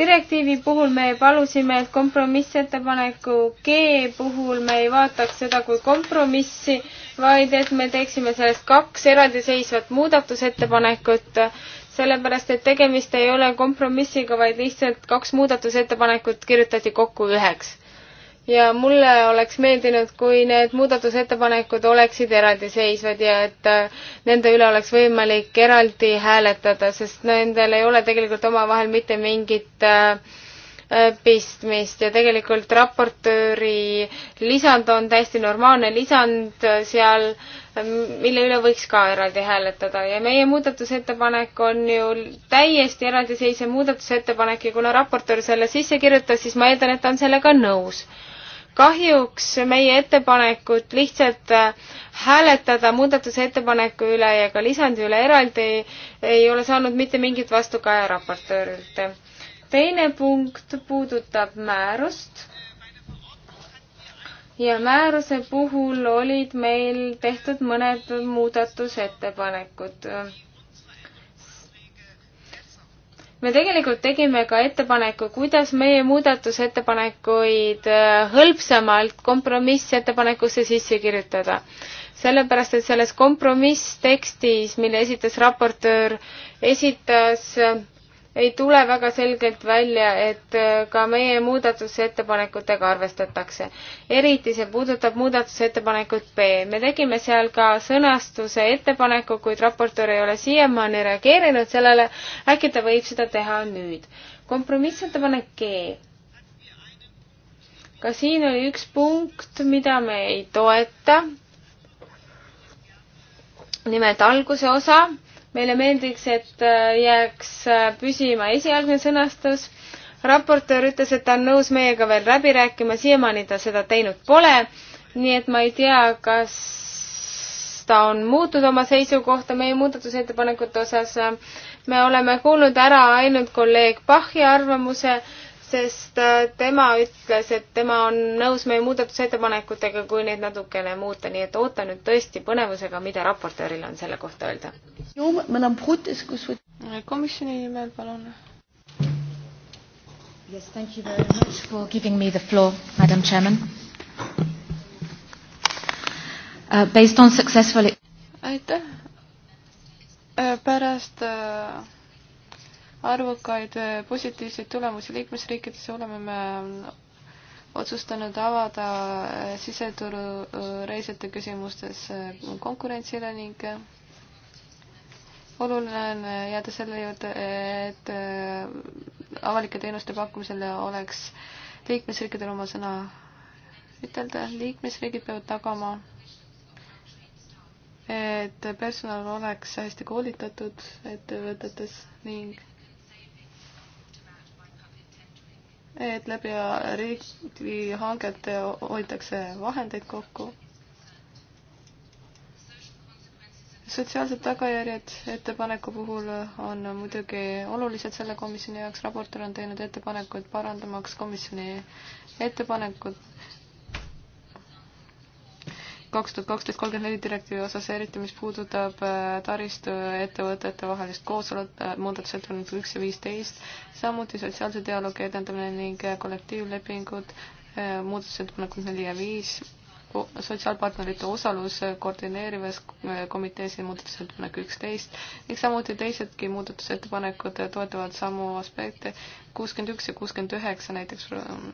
direktiivi puhul me palusime, et kompromissettepaneku G puhul me ei vaataks seda kui kompromissi, vaid et me teeksime sellest kaks eraldiseisvat muudatusettepanekut, sellepärast et tegemist ei ole kompromissiga, vaid lihtsalt kaks muudatusettepanekut kirjutati kokku üheks ja mulle oleks meeldinud, kui need muudatusettepanekud oleksid eraldiseisvad ja et äh, nende üle oleks võimalik eraldi hääletada, sest nendel ei ole tegelikult omavahel mitte mingit äh, äh, pistmist ja tegelikult raportööri lisand on täiesti normaalne lisand seal, mille üle võiks ka eraldi hääletada ja meie muudatusettepanek on ju täiesti eraldiseisev muudatusettepanek ja kuna raportöör selle sisse kirjutas, siis ma eeldan, et ta on sellega nõus kahjuks meie ettepanekut lihtsalt äh, hääletada muudatusettepaneku üle ja ka lisandi üle eraldi ei ole saanud mitte mingit vastukaja raportöörilt. teine punkt puudutab määrust. ja määruse puhul olid meil tehtud mõned muudatusettepanekud me tegelikult tegime ka ettepaneku, kuidas meie muudatusettepanekuid äh, hõlpsamalt kompromissettepanekusse sisse kirjutada. sellepärast, et selles kompromisstekstis, mille esitas raportöör, esitas äh, ei tule väga selgelt välja, et äh, ka meie muudatusettepanekutega arvestatakse. eriti see puudutab muudatusettepanekut B. me tegime seal ka sõnastuse ettepaneku, kuid raportöör ei ole siiamaani reageerinud sellele. äkki ta võib seda teha nüüd. kompromissettepanek G ka siin oli üks punkt, mida me ei toeta. nimelt alguse osa, meile meeldiks, et äh, jääks äh, püsima esialgne sõnastus. raportöör ütles, et ta on nõus meiega veel läbi rääkima, siiamaani ta seda teinud pole. nii et ma ei tea, kas ta on muutnud oma seisukohta meie muudatusettepanekute osas. me oleme kuulnud ära ainult kolleeg Pachi arvamuse sest äh, tema ütles, et tema on nõus meie muudatusettepanekutega, kui neid natukene muuta, nii et ootan nüüd tõesti põnevusega, mida raportööril on selle kohta öelda. komisjoni nimel, palun. Yes, thank you very much for giving me the floor, Madam Chairman. Uh, based on successful aitäh! Äh, pärast uh arvukaid äh, positiivseid tulemusi liikmesriikides oleme me äh, otsustanud avada äh, siseturu reisijate küsimustes konkurentsile ning oluline on jääda selle juurde, et avalike teenuste pakkumisel oleks liikmesriikidel oma sõna ütelda, liikmesriigid peavad tagama, et personal oleks hästi koolitatud ettevõtetes ning et läbi riigihangete hoitakse vahendeid kokku. sotsiaalsed tagajärjed ettepaneku puhul on muidugi olulised selle komisjoni jaoks, raportöör on teinud ettepanekuid parandamaks komisjoni ettepanekut kaks tuhat kaksteist kolmkümmend neli direktiivi osas, eriti mis puudutab äh, taristuettevõtete vahelist koosolekut, äh, muudatusettepanekud üks ja viisteist, samuti sotsiaalse dialoogi edendamine ning äh, kollektiivlepingud, muudatusettepanekud neli ja viis, sotsiaalpartnerite osalus koordineerivas komitees ja muudatusettepanek üksteist ning samuti teisedki muudatusettepanekud toetavad samu aspekte, kuuskümmend üks ja kuuskümmend üheksa näiteks ähm,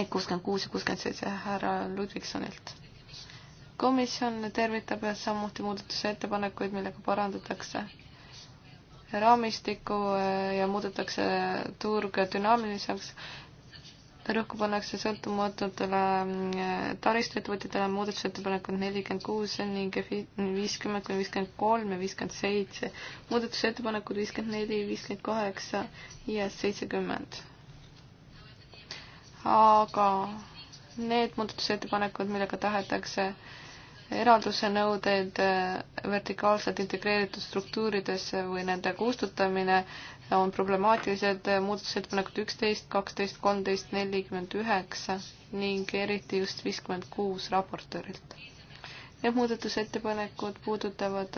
ning kuuskümmend kuus ja kuuskümmend seitse härra Ludvigsonilt komisjon tervitab samuti muudatusettepanekuid, millega parandatakse raamistikku eh, ja muudetakse turge dünaamiliseks. rõhku pannakse sõltumatutele mm, taristuettevõtjatele muudatusettepanekud nelikümmend kuus ning viiskümmend kuni viiskümmend kolm ja viiskümmend seitse, muudatusettepanekud viiskümmend neli, viiskümmend kaheksa ja seitsekümmend. aga need muudatusettepanekud, millega tahetakse äh, eralduse nõudeid äh, vertikaalselt integreeritud struktuuridesse või nende kustutamine äh, on problemaatilised äh, muudatusettepanekud üksteist, kaksteist, kolmteist, nelikümmend üheksa ning eriti just viiskümmend kuus raportöörilt. Need muudatusettepanekud puudutavad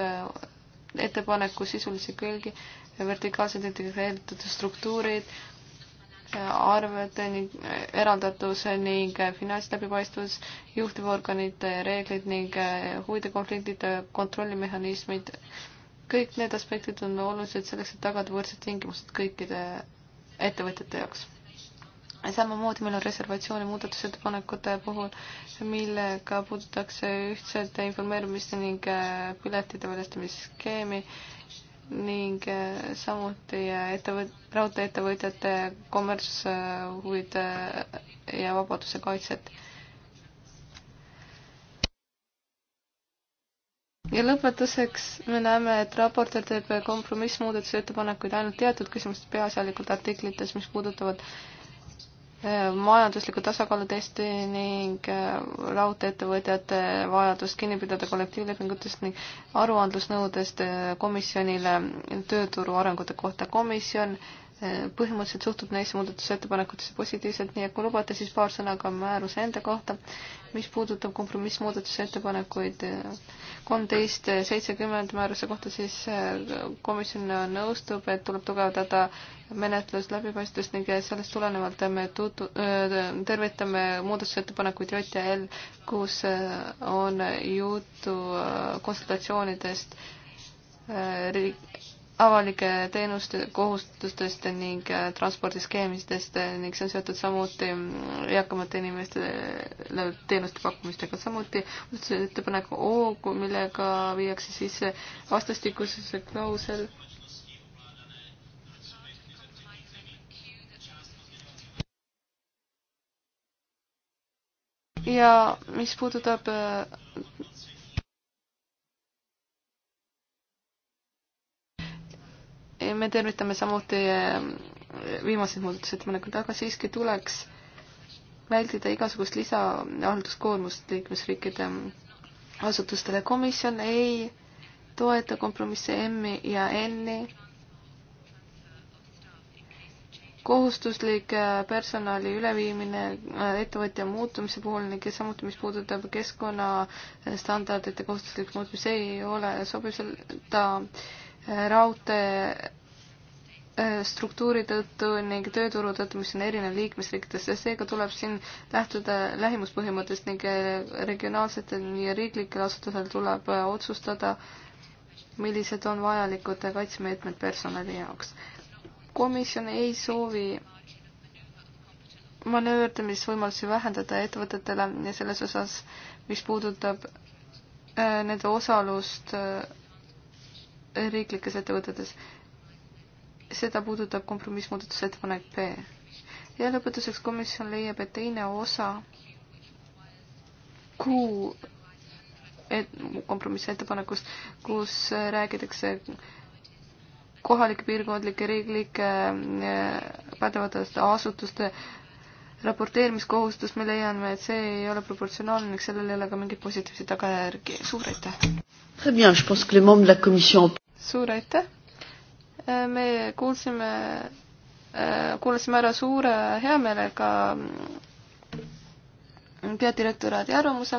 ettepaneku sisulisi külgi, vertikaalselt integreeritud struktuurid, arved ning eraldatus ning finantsläbipaistvus, juhtivorganite reeglid ning huvide konfliktide kontrollimehhanismid. kõik need aspektid on olulised selleks, et tagada võrdsed tingimused kõikide ettevõtjate jaoks samamoodi meil on reservatsiooni muudatusettepanekute puhul, millega puudutakse ühtset informeerimist ning piletite väljastamisskeemi ning eh, samuti eh, ettevõt-, raudtee-ettevõtjate kommertshuvide eh, ja vabaduse kaitset. ja lõpetuseks me näeme, et raportöör teeb kompromissmuudatuse ettepanekuid ainult teatud küsimustes, peaasjalikult artiklites, mis puudutavad äh, Äh, majandusliku tasakaalu testi ning äh, raudteeettevõtjate vajadust kinni pidada kollektiivlepingutest ning aruandlusnõudest äh, komisjonile tööturu arengute kohta. komisjon põhimõtteliselt suhtub neisse muudatusettepanekutesse positiivselt, nii et kui lubate, siis paar sõna ka määruse enda kohta, mis puudutab kompromissmuudatusettepanekuid kolmteist seitsekümmend määruse kohta, siis äh, komisjon nõustub, et tuleb tugevdada menetlus läbipaistvust ning sellest tulenevalt me tutu-, äh, tervitame muudatusettepanekuid JL, kus äh, on juttu konsultatsioonidest riik, avalike teenuste kohustustest ning äh, transpordiskeemidest äh, ning see on seotud samuti mm, eakamate inimestele teenuste pakkumistega. samuti ettepanek O, millega viiakse sisse vastastikususe klausel. ja mis puudutab äh, me tervitame samuti eh, viimaseid muudatusettepanekuid, aga siiski tuleks vältida igasugust lisahalduskoormust liikmesriikide asutustele. komisjon ei toeta kompromisse M-i ja N-i. kohustuslik eh, personali üleviimine eh, ettevõtja muutumise puhul ning samuti, mis puudutab keskkonnastandardite kohustuslikuks muutmist, ei ole sobiv, ta äh, raudtee äh, struktuuri tõttu ning tööturu tõttu, mis on erinev liikmesriikides ja seega tuleb siin lähtuda lähimuspõhimõttest ning äh, regionaalsetel ja riiklikel asutusel tuleb äh, otsustada, millised on vajalikud kaitsemeetmed personali jaoks. komisjon ei soovi manööverdamisvõimalusi vähendada ettevõtetele ja selles osas, mis puudutab nende osalust äh, riiklikes ettevõtetes. seda puudutab kompromissmuudatusettepanek B. ja lõpetuseks komisjon leiab, et teine osa kuu et, kompromissettepanekust, kus räägitakse kohalike piirkondlike riiklike eh, pädevatest asutuste raporteerimiskohustust me leiame, et see ei ole proportsionaalne ning sellel ei ole ka mingeid positiivseid tagajärgi. suur aitäh! suur aitäh! me kuulsime, kuulasime ära suure heameelega peadirektoraadi arvamuse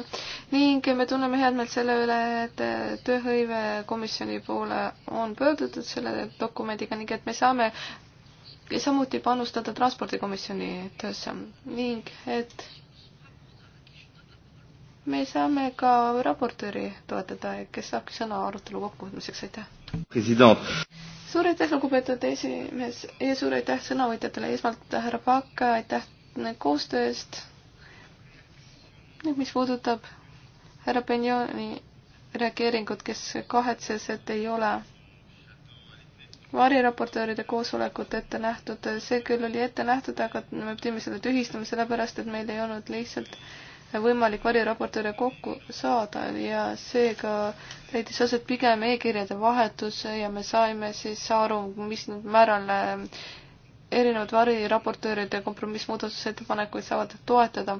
ning me tunneme head meelt selle üle, et tööhõivekomisjoni poole on pöördutud selle dokumendiga ning et me saame samuti panustada transpordikomisjoni töösse ning et me saame ka raportööri toetada, kes saabki sõna arutelu kokkuvõtmiseks, aitäh. president. suur aitäh, lugupeetud esimees ja suur aitäh sõnavõtjatele, esmalt härra Pakk, aitäh koostöö eest. nüüd, mis puudutab härra Benjoni reageeringut, kes kahetses, et ei ole variraportööride koosolekut ette nähtud, see küll oli ette nähtud, aga me pidime selle tühistama, sellepärast et meil ei olnud lihtsalt äh, võimalik variraportööre kokku saada ja seega leidis aset pigem e-kirjade vahetus ja me saime siis aru, mis määral eh, erinevad variraportöörid ja kompromissmuudatusettepanekuid saavad toetada.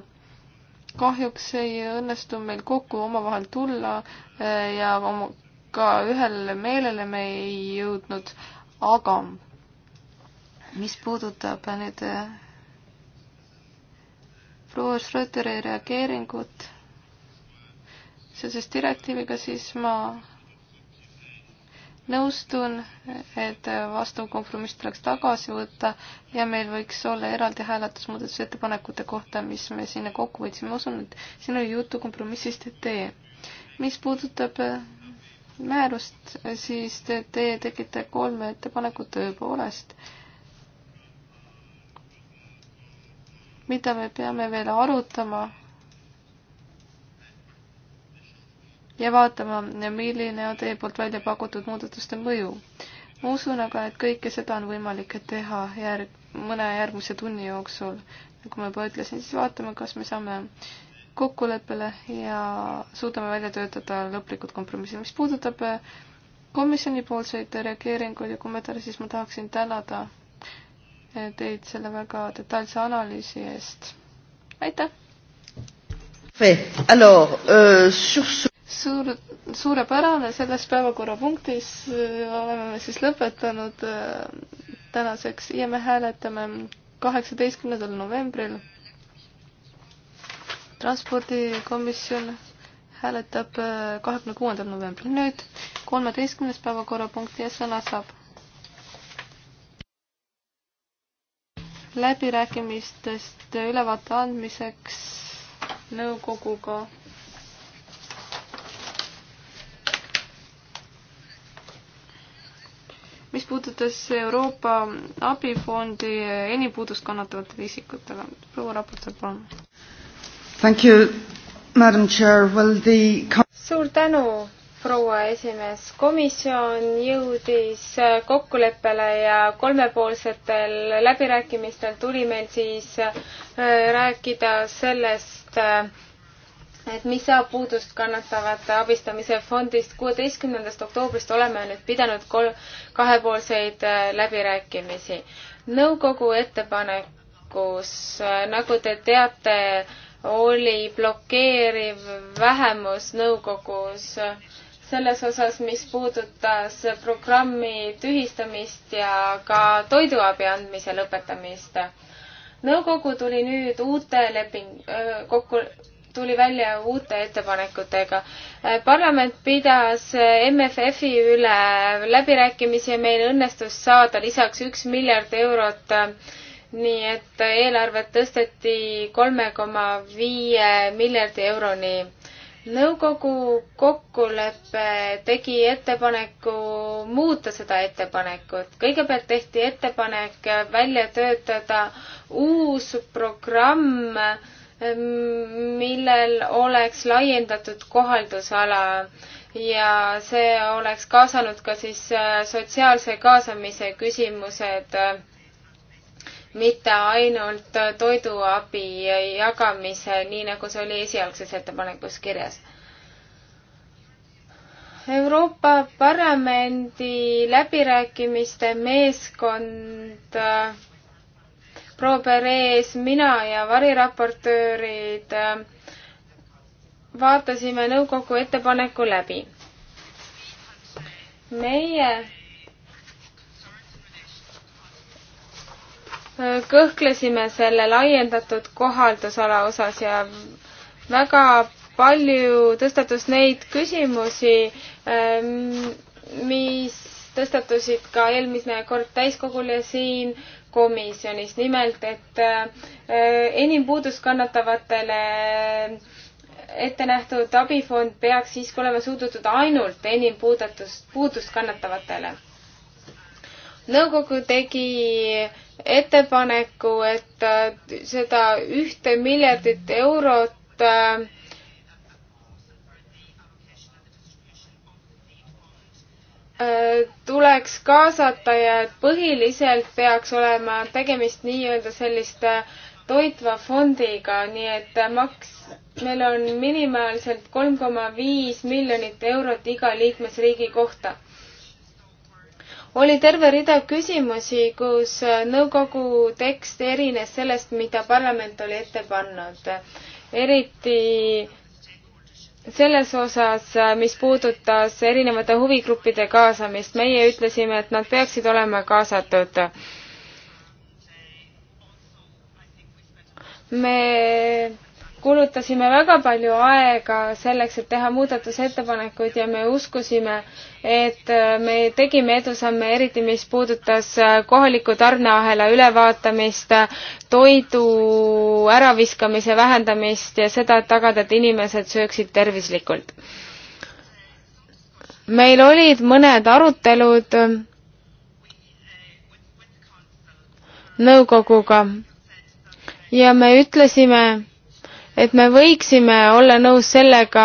kahjuks ei õnnestu meil kokku omavahel tulla eh, ja oma, ka ühele meelele me ei jõudnud, aga mis puudutab nüüd eh, proua Schröteri reageeringut seoses direktiiviga, siis ma nõustun, et vastav kompromiss tuleks tagasi võtta ja meil võiks olla eraldi hääletus muudatusettepanekute kohta, mis me sinna kokku võtsime, ma usun, et siin oli juttu kompromissist, et tee. mis puudutab määrust, siis te, te tegite kolm ettepanekut tõepoolest mida me peame veel arutama. ja vaatama, milline on teie poolt välja pakutud muudatuste mõju. ma usun aga, et kõike seda on võimalik teha järg, mõne järgmise tunni jooksul. nagu ma juba ütlesin, siis vaatame, kas me saame kokkuleppele ja suudame välja töötada lõplikud kompromissid. mis puudutab komisjonipoolseid reageeringuid ja kommentaare, siis ma tahaksin tänada teid selle väga detailse analüüsi eest. aitäh! Euh, suur, suurepärane, selles päevakorrapunktis äh, oleme me siis lõpetanud äh, tänaseks ja me hääletame kaheksateistkümnendal novembril. transpordikomisjon hääletab äh, kahekümne kuuendal novembril. nüüd kolmeteistkümnes päevakorrapunkt ja sõna saab läbirääkimistest ülevaate andmiseks nõukoguga. mis puudutas Euroopa abifondi enim puudust kannatavatele isikutele, proua raportöör, palun. Thank you, madam chair, well the suur tänu, proua esimees, komisjon jõudis kokkuleppele ja kolmepoolsetel läbirääkimistel tuli meil siis äh, rääkida sellest, äh, et mis saab puudust kannatavate abistamise fondist. kuueteistkümnendast oktoobrist oleme nüüd pidanud kolm, kahepoolseid äh, läbirääkimisi. nõukogu ettepanekus, nagu te teate, oli blokeeriv vähemus nõukogus äh, selles osas, mis puudutas programmi tühistamist ja ka toiduabi andmise lõpetamist. nõukogu tuli nüüd uute leping, kokku, tuli välja uute ettepanekutega. Äh, parlament pidas äh, MFF-i üle läbirääkimisi ja meil õnnestus saada lisaks üks miljard eurot äh, nii et eelarvet tõsteti kolme koma viie miljardi euroni nõukogu kokkulepe tegi ettepaneku muuta seda ettepanekut. kõigepealt tehti ettepanek välja töötada uus programm, millel oleks laiendatud kohaldusala ja see oleks kaasanud ka siis sotsiaalse kaasamise küsimused mitte ainult toiduabi jagamise, nii nagu see oli esialgses ettepanekus kirjas. Euroopa Parlamendi läbirääkimiste meeskond proua Perez, mina ja variraportöörid vaatasime nõukogu ettepaneku läbi. meie kõhklesime selle laiendatud kohaldusala osas ja väga palju tõstatus neid küsimusi, ähm, mis tõstatusid ka eelmine kord täiskogul ja siin komisjonis. nimelt, et äh, enim puudust kannatavatele ette nähtud abifond peaks siiski olema suudetud ainult enim puudatust, puudust kannatavatele. nõukogu tegi ettepaneku, et äh, seda ühte miljardit eurot äh, tuleks kaasata ja et põhiliselt peaks olema tegemist nii-öelda selliste toitva fondiga, nii et maks, meil on minimaalselt kolm koma viis miljonit eurot iga liikmesriigi kohta oli terve rida küsimusi, kus äh, nõukogu tekst erines sellest, mida parlament oli ette pannud. eriti selles osas, äh, mis puudutas erinevate huvigruppide kaasamist, meie ütlesime, et nad peaksid olema kaasatud. me kulutasime väga palju aega selleks, et teha muudatusettepanekuid ja me uskusime, et äh, me tegime edusamme, eriti mis puudutas äh, kohaliku tarneahela ülevaatamist, toidu äraviskamise vähendamist ja seda, et tagada, et inimesed sööksid tervislikult. meil olid mõned arutelud äh, nõukoguga ja me ütlesime, et me võiksime olla nõus sellega,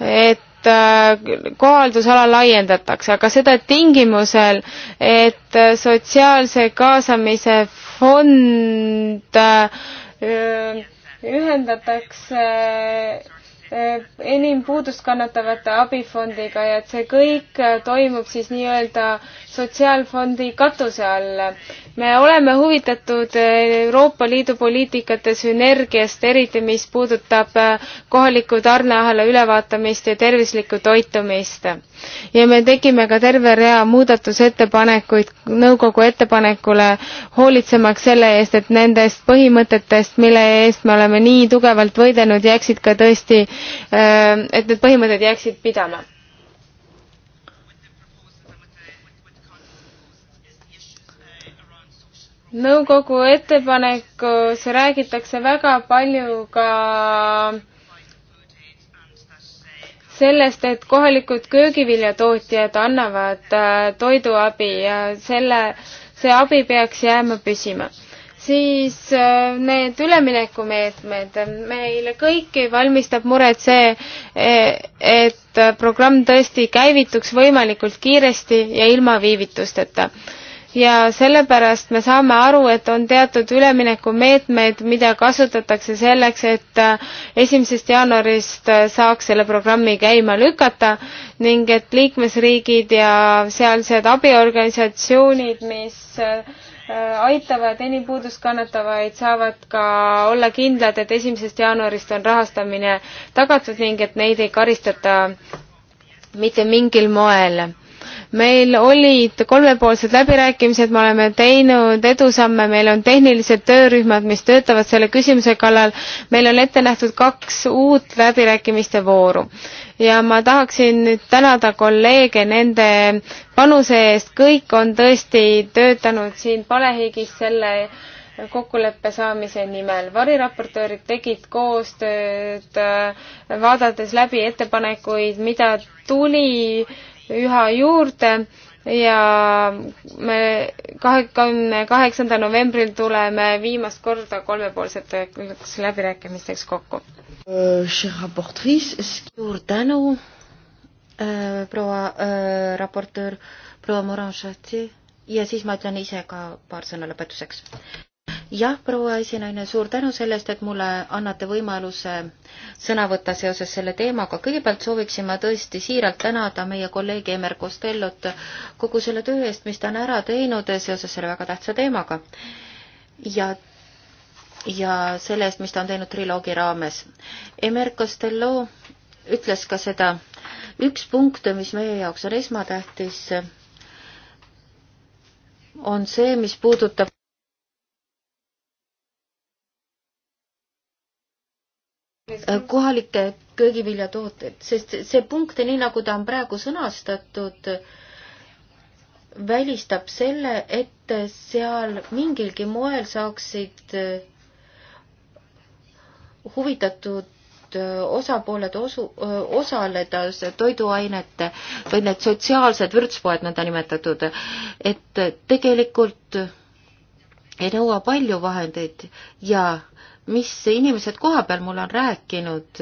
et äh, kohaldusala laiendatakse, aga seda tingimusel, et sotsiaalse kaasamise fond äh, ühendatakse Eh, enim puudust kannatavate abifondiga ja et see kõik eh, toimub siis nii-öelda sotsiaalfondi katuse all. me oleme huvitatud eh, Euroopa Liidu poliitikate sünergiast, eriti mis puudutab kohaliku tarneahela ülevaatamist ja tervislikku toitumist ja me tegime ka terve rea muudatusettepanekuid nõukogu ettepanekule, hoolitsemaks selle eest, et nendest põhimõtetest, mille eest me oleme nii tugevalt võidelnud, jääksid ka tõesti, äh, et need põhimõtted jääksid pidama nõukogu ettepanekus räägitakse väga palju ka äh, sellest, et kohalikud köögiviljatootjad annavad äh, toiduabi ja selle, see abi peaks jääma püsima siis äh, need üleminekumeetmed, meile kõiki valmistab muret see, e, et programm tõesti käivituks võimalikult kiiresti ja ilma viivitusteta ja sellepärast me saame aru, et on teatud üleminekumeetmed, mida kasutatakse selleks, et äh, esimesest jaanuarist äh, saaks selle programmi käima lükata ning et liikmesriigid ja sealsed abiorganisatsioonid, mis äh, aitavad enim puudust kannatavaid, saavad ka olla kindlad, et esimesest jaanuarist on rahastamine tagatud ning et neid ei karistata mitte mingil moel meil olid kolmepoolsed läbirääkimised, me oleme teinud edusamme, meil on tehnilised töörühmad, mis töötavad selle küsimuse kallal, meil on ette nähtud kaks uut läbirääkimiste vooru. ja ma tahaksin nüüd tänada kolleege nende panuse eest, kõik on tõesti töötanud siin palehigis selle kokkuleppe saamise nimel. variraportöörid tegid koostööd, vaadates läbi ettepanekuid, mida tuli äh, üha juurde ja me kahekümne kaheksandal novembril tuleme viimast korda kolmepoolseteks läbirääkimisteks kokku. Äh, suur tänu, äh, proua äh, raportöör, proua Moran-Chartier ja siis ma ütlen ise ka paar sõna lõpetuseks jah, proua esinaine, suur tänu selle eest, et mulle annate võimaluse sõna võtta seoses selle teemaga. kõigepealt sooviksin ma tõesti siiralt tänada meie kolleegi Emer Costellot kogu selle töö eest, mis ta on ära teinud seoses selle väga tähtsa teemaga. ja, ja selle eest, mis ta on teinud triloogi raames. Emer Costello ütles ka seda, üks punkt, mis meie jaoks on esmatähtis, on see, mis puudutab Äh, kohalikke köögiviljatooteid, sest see punkt, nii nagu ta on praegu sõnastatud, välistab selle, et seal mingilgi moel saaksid äh, huvitatud äh, osapooled osu, osaleda toiduainete või need sotsiaalsed vürtspoed nõndanimetatud, et tegelikult ei nõua palju vahendeid ja mis inimesed kohapeal mulle on rääkinud,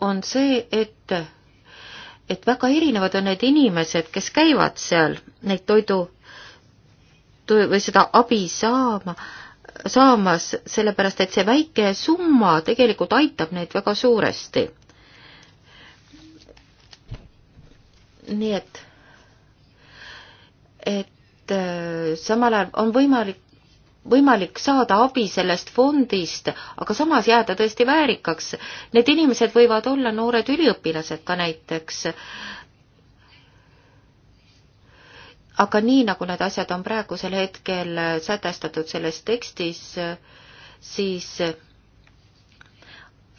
on see, et, et väga erinevad on need inimesed, kes käivad seal neid toidu to, või seda abi saama, saamas, sellepärast et see väike summa tegelikult aitab neid väga suuresti. nii et, et samal ajal on võimalik võimalik saada abi sellest fondist, aga samas jääda tõesti väärikaks. Need inimesed võivad olla noored üliõpilased ka näiteks. aga nii, nagu need asjad on praegusel hetkel sätestatud selles tekstis, siis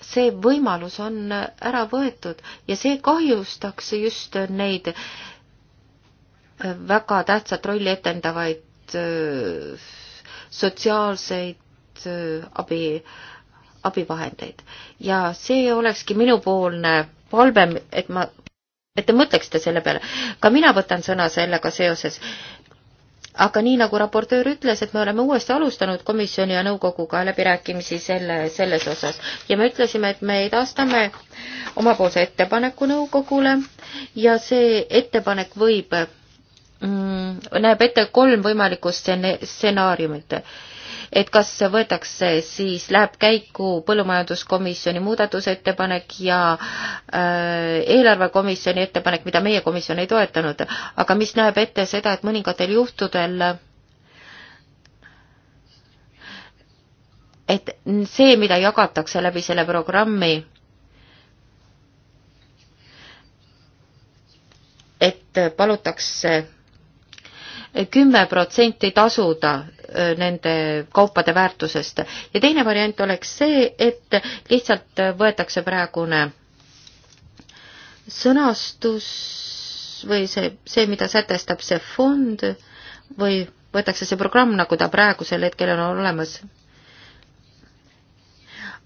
see võimalus on ära võetud ja see kahjustaks just neid väga tähtsat rolli etendavaid sotsiaalseid abi, abivahendeid. ja see olekski minupoolne palve, et ma, et te mõtleksite selle peale. ka mina võtan sõna sellega seoses aga nii nagu raportöör ütles, et me oleme uuesti alustanud komisjoni ja nõukoguga läbirääkimisi selle, selles osas ja me ütlesime, et me edastame omapoolse ettepaneku nõukogule ja see ettepanek võib Mm, näeb ette kolm võimalikku stsenaariumit et kas võetakse siis, läheb käiku põllumajanduskomisjoni muudatusettepanek ja äh, eelarvekomisjoni ettepanek, mida meie komisjon ei toetanud, aga mis näeb ette seda, et mõningatel juhtudel et see, mida jagatakse läbi selle programmi, et palutakse kümme protsenti tasuda nende kaupade väärtusest. ja teine variant oleks see, et lihtsalt võetakse praegune sõnastus või see, see, mida sätestab see fond või võetakse see programm, nagu ta praegusel hetkel on olemas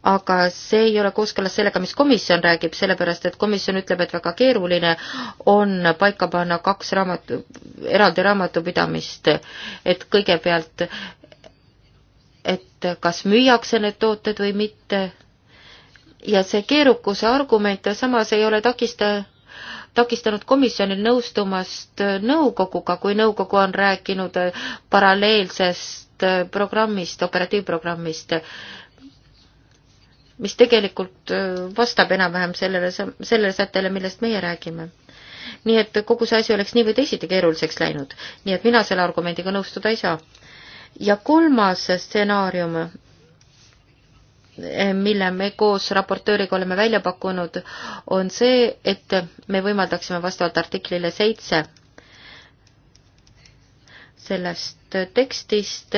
aga see ei ole kooskõlas sellega, mis komisjon räägib, sellepärast et komisjon ütleb, et väga keeruline on paika panna kaks raamatu, eraldi raamatupidamist, et kõigepealt, et kas müüakse need tooted või mitte. ja see keerukuse argument samas ei ole takista takistanud komisjonil nõustumast nõukoguga, kui nõukogu on rääkinud paralleelsest programmist, operatiivprogrammist mis tegelikult äh, vastab enam-vähem sellele, sellele sättele, millest meie räägime. nii et kogu see asi oleks nii või teisiti keeruliseks läinud, nii et mina selle argumendiga nõustuda ei saa. ja kolmas stsenaarium, eh, mille me koos raportööriga oleme välja pakkunud, on see, et me võimaldaksime vastavalt artiklile seitse sellest tekstist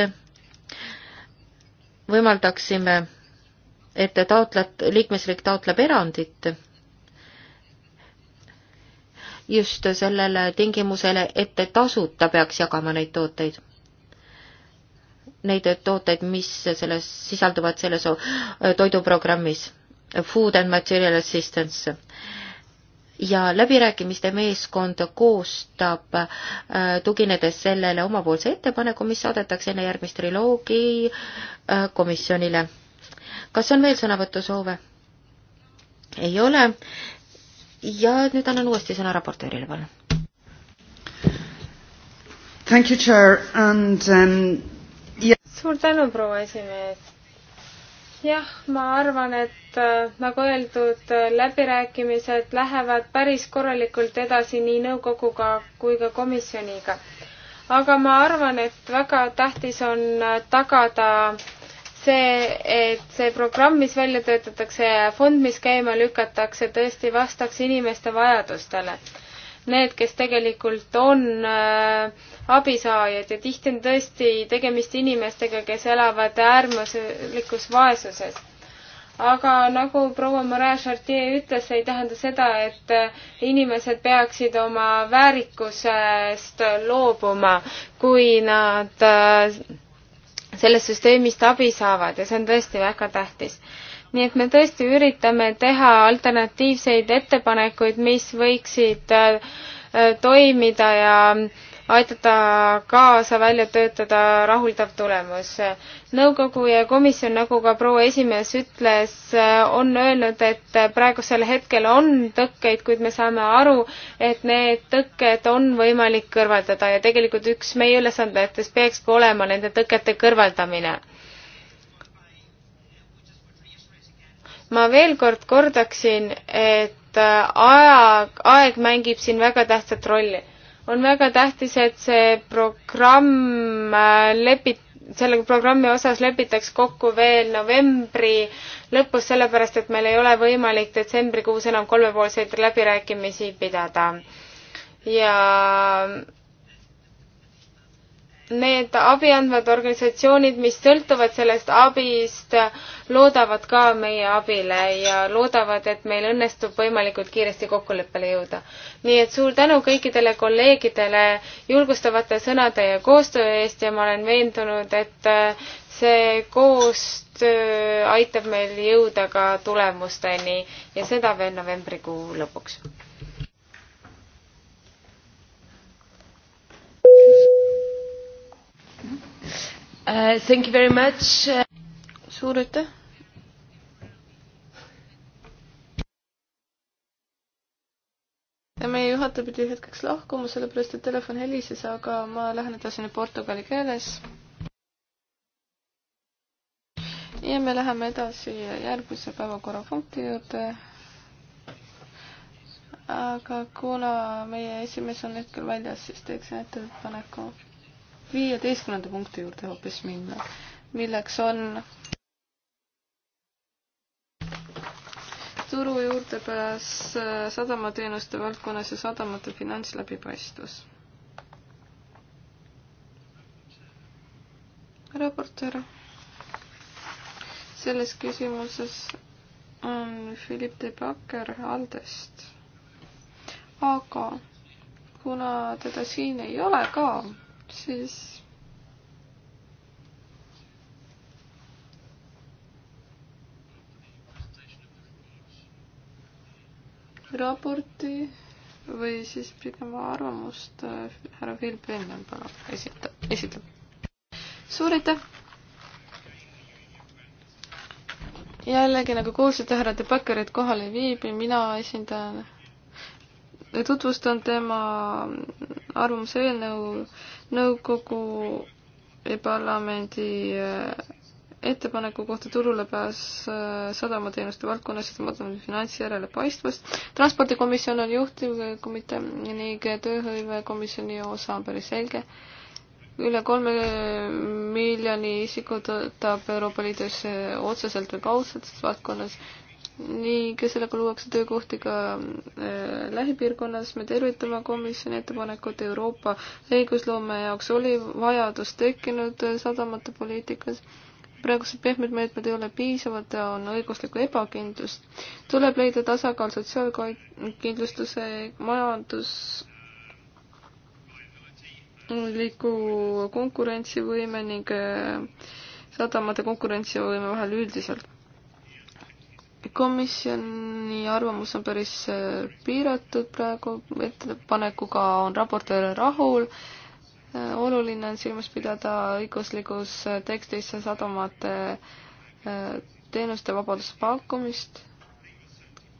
võimaldaksime et taotled, liikmesriik taotleb erandit just sellele tingimusele, et tasuta peaks jagama neid tooteid. Neid tooteid, mis selles, sisalduvad selles toiduprogrammis Food and Material Assistance. ja läbirääkimiste meeskond koostab, äh, tuginedes sellele omapoolse ettepaneku, mis saadetakse enne järgmist triloogi äh, komisjonile kas on veel sõnavõtusoove? ei ole. ja nüüd annan uuesti sõna raportöörile, palun. Thank you, Chair, and um, yeah. suur tänu, proua esimees. jah, ma arvan, et äh, nagu öeldud, äh, läbirääkimised lähevad päris korralikult edasi nii nõukoguga kui ka komisjoniga. aga ma arvan, et väga tähtis on äh, tagada äh, see, et see programm, mis välja töötatakse ja fond, mis käima lükatakse, tõesti vastaks inimeste vajadustele. Need, kes tegelikult on äh, abisaajad ja tihti on tõesti tegemist inimestega, kes elavad äärmuslikus vaesuses. aga nagu proua Morin Chartier ütles, ei tähenda seda, et äh, inimesed peaksid oma väärikusest loobuma, kui nad äh, sellest süsteemist abi saavad ja see on tõesti väga tähtis. nii et me tõesti üritame teha alternatiivseid ettepanekuid, mis võiksid äh, äh, toimida ja äh, aidata kaasa välja töötada rahuldav tulemus. nõukogu ja komisjon, nagu ka proua esimees ütles, on öelnud, et praegusel hetkel on tõkkeid, kuid me saame aru, et need tõkked on võimalik kõrvaldada ja tegelikult üks meie ülesandetest peakski olema nende tõkete kõrvaldamine ma veel kord kordaksin, et aja, aeg mängib siin väga tähtsat rolli on väga tähtis, et see programm äh, lepit-, selle programmi osas lepitaks kokku veel novembri lõpus, sellepärast et meil ei ole võimalik detsembrikuus enam kolmepoolseid läbirääkimisi pidada. ja need abi andvad organisatsioonid, mis sõltuvad sellest abist, loodavad ka meie abile ja loodavad, et meil õnnestub võimalikult kiiresti kokkuleppele jõuda. nii et suur tänu kõikidele kolleegidele julgustavate sõnade ja koostöö eest ja ma olen veendunud, et äh, see koostöö aitab meil jõuda ka tulemusteni ja seda veel novembrikuu lõpuks uh,. Thank you very much. Uh, suur aitäh. ja meie juhataja pidi hetkeks lahkuma, sellepärast et telefon helises, aga ma lähen edasi nüüd portugali keeles. ja me läheme edasi järgmise päevakorrapunkti juurde aga kuna meie esimees on hetkel väljas, siis teeksin ettepaneku viieteistkümnenda punkti juurde hoopis minna, milleks on turu juurdepääs äh, sadamateenuste valdkonnas ja sadamate finantsläbipaistvus. raportöör selles küsimuses on Philip de Backer Aldest. aga kuna teda siin ei ole ka, siis raporti või siis pigem arvamust äh, härra Philip Lennon palun esita-, esitleb. suur aitäh! jällegi, nagu kuulsite, härra De Backerit kohal ei viibi, mina esindan, tutvustan tema arvamuse eelnõu nõukogu ja parlamendi äh, ettepaneku kohta turulepääs äh, sadamateenuste valdkonnas ja madalama finantsjärelepaistvust. transpordikomisjon on juhtivkomitee ning tööhõivekomisjoni osa on päris selge. üle kolme miljoni isiku tõotab Euroopa Liidus äh, otseselt või kaudselt valdkonnas ning sellega luuakse töökohti ka äh, lähipiirkonnas. me tervitame komisjoni ettepanekut Euroopa õigusloome jaoks oli vajadus tekkinud äh, sadamate poliitikas. praegused pehmed meetmed ei ole piisavad, on õiguslikku ebakindlust. tuleb leida tasakaal sotsiaalkindlustuse, majandusliku konkurentsivõime ning äh, sadamate konkurentsivõime vahel üldiselt komisjoni arvamus on päris äh, piiratud praegu, ettepanekuga on raportöör rahul. Äh, oluline on silmas pidada õiguslikus äh, tekstis sadamate teenuste vabaduse pakkumist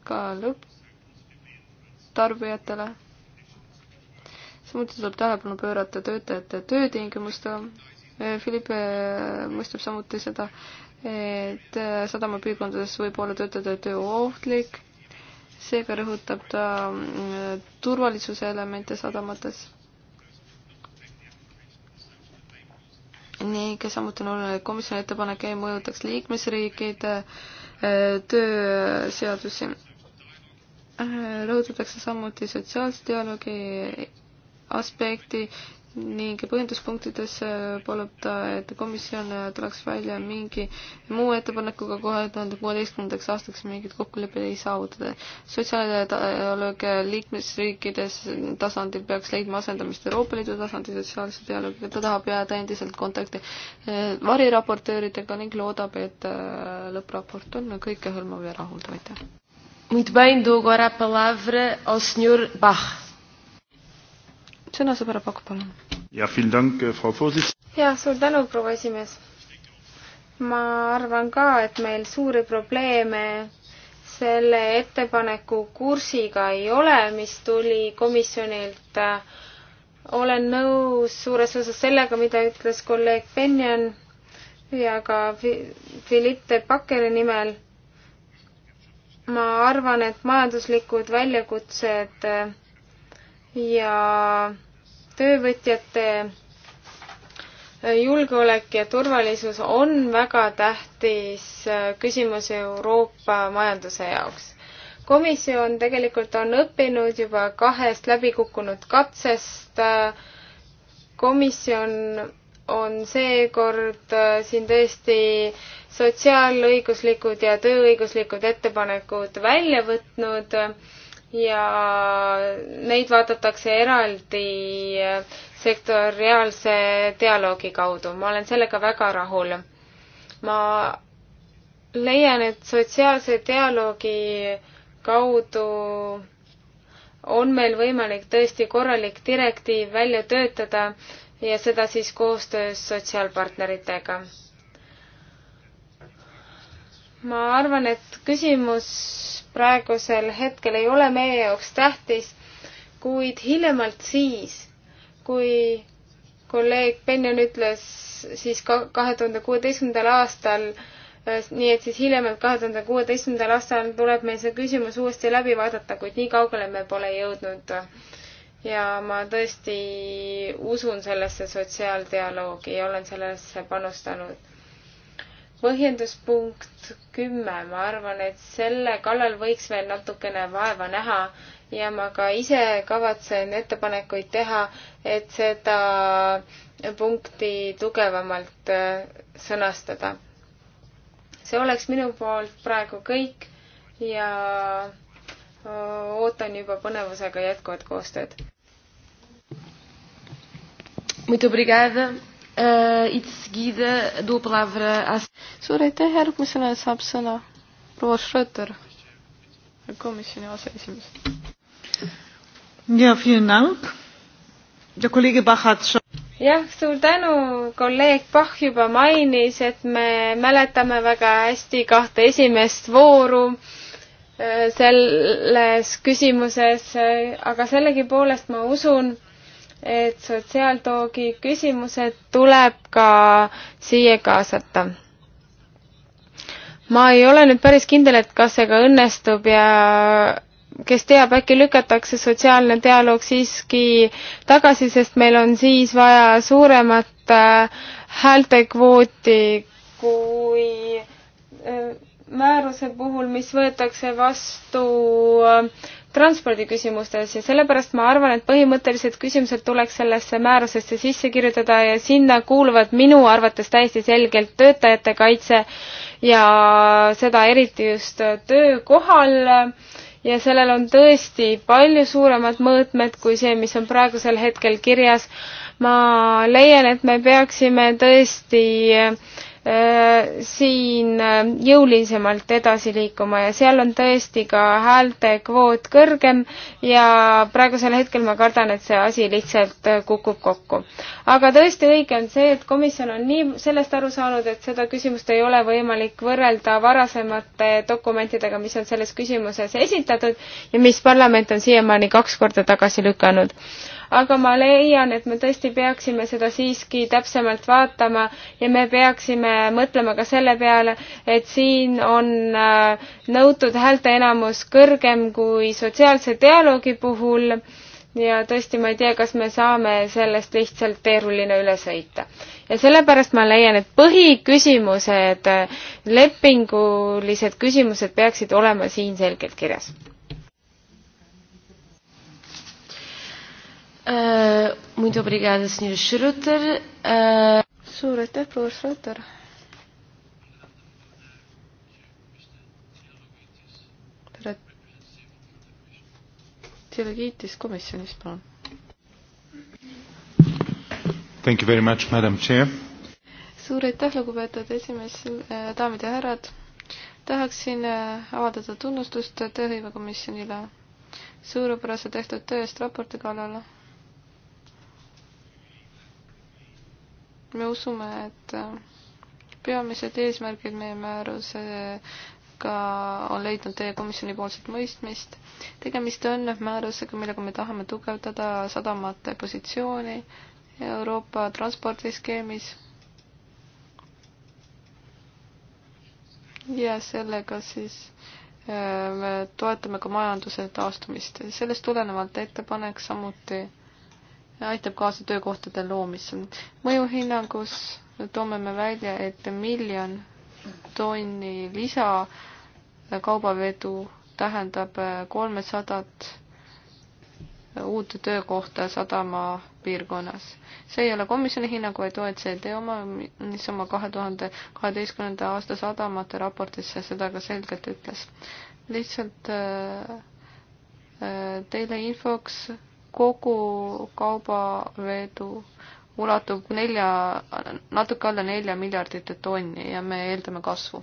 ka lõpptarbijatele. samuti tuleb tähelepanu pöörata töötajate töötingimustele. Philippe mõistab samuti seda, et äh, sadamapiirkondades võib olla töötajate töö ohtlik, seega rõhutab ta äh, turvalisuse elemente sadamates. ning samuti on oluline, et komisjoni ettepanek ei mõjutaks liikmesriikide äh, tööseadusi. rõhutatakse samuti sotsiaalse dialoogi aspekti ning põhjenduspunktides äh, palub ta, et komisjon äh, tuleks välja mingi muu ettepanekuga kohe tuhande kuueteistkümnendaks aastaks mingit kokkulepet ei saavutada. sotsiaaldialoog liikmesriikides tasandil peaks leidma asendamist Euroopa Liidu tasandil sotsiaalse dialoogiga, ta tahab jääda endiselt kontakti äh, variraportööridega ning loodab, et lõppraport on kõikehõlmav ja rahuldav, aitäh. Muito bem, dou agora a palavra ao Sr. Bach sõna saab härra Pakk, palun. jah, äh, suur tänu, proua esimees. ma arvan ka, et meil suuri probleeme selle ettepaneku kursiga ei ole, mis tuli komisjonilt. olen nõus suures osas sellega, mida ütles kolleeg Benjan ja ka Philippe Bakkeri nimel. ma arvan, et majanduslikud väljakutsed äh, ja töövõtjate julgeolek ja turvalisus on väga tähtis küsimus Euroopa majanduse jaoks. komisjon tegelikult on õppinud juba kahest läbikukkunud katsest. komisjon on seekord äh, siin tõesti sotsiaalõiguslikud ja tööõiguslikud ettepanekud välja võtnud ja neid vaadatakse eraldi sektoriaalse dialoogi kaudu. ma olen sellega väga rahul. ma leian, et sotsiaalse dialoogi kaudu on meil võimalik tõesti korralik direktiiv välja töötada ja seda siis koostöös sotsiaalpartneritega. ma arvan, et küsimus praegusel hetkel ei ole meie jaoks tähtis, kuid hiljemalt siis, kui kolleeg Benjon ütles siis kahe tuhande kuueteistkümnendal aastal, äh, nii et siis hiljemalt kahe tuhande kuueteistkümnendal aastal tuleb meil see küsimus uuesti läbi vaadata, kuid nii kaugele me pole jõudnud. ja ma tõesti usun sellesse sotsiaaldialoogi ja olen sellesse panustanud põhjenduspunkt kümme, ma arvan, et selle kallal võiks veel natukene vaeva näha ja ma ka ise kavatsen ettepanekuid teha, et seda punkti tugevamalt äh, sõnastada. see oleks minu poolt praegu kõik ja äh, ootan juba põnevusega jätkuvat koostööd. Muito obrigada suur aitäh, järgmisena saab sõna proua Schröter, komisjoni aseesimees. ja, jah, suur tänu, kolleeg Pahh juba mainis, et me mäletame väga hästi kahte esimest vooru eh, selles küsimuses, eh, aga sellegipoolest ma usun, et sotsiaaltoogi küsimused tuleb ka siia kaasata. ma ei ole nüüd päris kindel, et kas see ka õnnestub ja kes teab, äkki lükatakse sotsiaalne dialoog siiski tagasi, sest meil on siis vaja suuremat äh, häältekvooti äh, kui äh, määruse puhul, mis võetakse vastu äh, transpordiküsimustes ja sellepärast ma arvan, et põhimõttelised küsimused tuleks sellesse määrusesse sisse kirjutada ja sinna kuuluvad minu arvates täiesti selgelt töötajate kaitse ja seda eriti just töökohal ja sellel on tõesti palju suuremad mõõtmed kui see, mis on praegusel hetkel kirjas. ma leian, et me peaksime tõesti äh, Äh, siin äh, jõulisemalt edasi liikuma ja seal on tõesti ka häälte kvoot kõrgem ja praegusel hetkel ma kardan, et see asi lihtsalt äh, kukub kokku. aga tõesti õige on see, et komisjon on nii sellest aru saanud, et seda küsimust ei ole võimalik võrrelda varasemate dokumentidega, mis on selles küsimuses esitatud ja mis parlament on siiamaani kaks korda tagasi lükanud aga ma leian, et me tõesti peaksime seda siiski täpsemalt vaatama ja me peaksime mõtlema ka selle peale, et siin on äh, nõutud häälteenamus kõrgem kui sotsiaalse dialoogi puhul ja tõesti, ma ei tea, kas me saame sellest lihtsalt teerullina üle sõita. ja sellepärast ma leian, et põhiküsimused, lepingulised küsimused peaksid olema siin selgelt kirjas. Uh, muito obrigada, Sra. Schroeter. Uh... Suur aitäh, proua Schroeter. tere. Teile kiitis komisjonist, palun. Thank you very much, madam chair. suur aitäh, lugupeetud esimees äh,, daamid ja härrad. tahaksin äh, avaldada tunnustust tööhõivekomisjonile suurepärase tehtud töö eest raporti kallal me usume, et äh, peamised eesmärgid meie määrusega on leidnud teie komisjoni poolset mõistmist. tegemist on määrusega, millega me tahame tugevdada sadamate positsiooni Euroopa transpordiskeemis. ja sellega siis äh, me toetame ka majanduse taastumist. sellest tulenevalt ettepanek samuti aitab kaasa töökohtade loomisel. mõjuhinnangus toome me välja, et miljon tonni lisa kaubavedu tähendab kolmesadat uut töökohta sadama piirkonnas. see ei ole komisjoni hinnang, vaid OECD oma, mis oma kahe tuhande kaheteistkümnenda aasta sadamate raportisse seda ka selgelt ütles. lihtsalt äh, äh teile infoks kogu kaubavedu ulatub nelja, natuke alla nelja miljardite tonni ja me eeldame kasvu.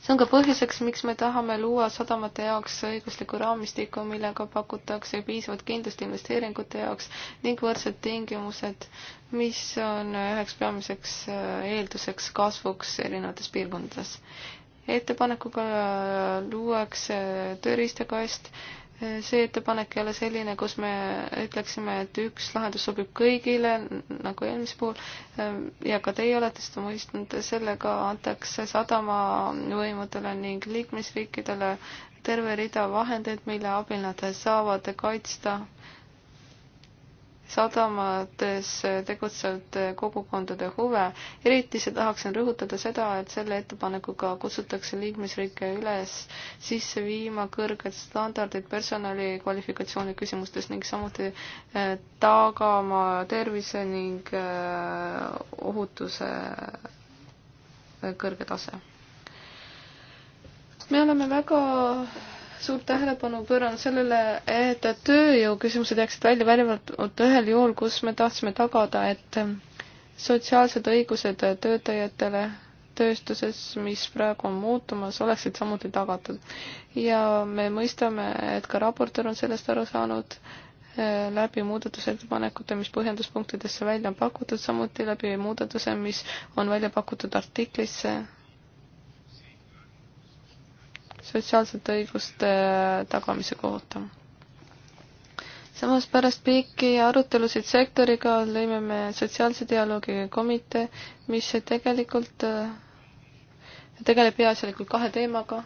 see on ka põhjuseks, miks me tahame luua sadamate jaoks õigusliku raamistiku, millega pakutakse piisavat kindlust investeeringute jaoks ning võrdsed tingimused, mis on üheks peamiseks äh, eelduseks kasvuks erinevates piirkondades. ettepanekuga äh, luuakse tööriistakast, see ettepanek ei ole selline, kus me ütleksime, et üks lahendus sobib kõigile, nagu eelmise puhul, ja ka teie olete seda mõistnud, sellega antakse sadamavõimudele ning liikmesriikidele terve rida vahendeid, mille abil nad saavad kaitsta äh, sadamates tegutsevate kogukondade huve. eriti see tahaksin rõhutada seda, et selle ettepanekuga kutsutakse liikmesriike üles sisse viima kõrged standardid personali kvalifikatsiooni küsimustes ning samuti eh, tagama tervise ning eh, ohutuse eh, kõrge tase. me oleme väga suurt tähelepanu pööranud sellele, et tööjõuküsimused jääksid välja väljavalt ühel juhul, kus me tahtsime tagada, et sotsiaalsed õigused töötajatele tööstuses, mis praegu on muutumas, oleksid samuti tagatud. ja me mõistame, et ka raportöör on sellest aru saanud eh, läbi muudatusettepanekute, mis põhjenduspunktidesse välja on pakutud, samuti läbi muudatuse, mis on välja pakutud artiklisse sotsiaalsete õiguste tagamise kohta. samas pärast pikki arutelusid sektoriga lõime me sotsiaalse dialoogi komitee, mis tegelikult tegeleb peaasjalikult kahe teemaga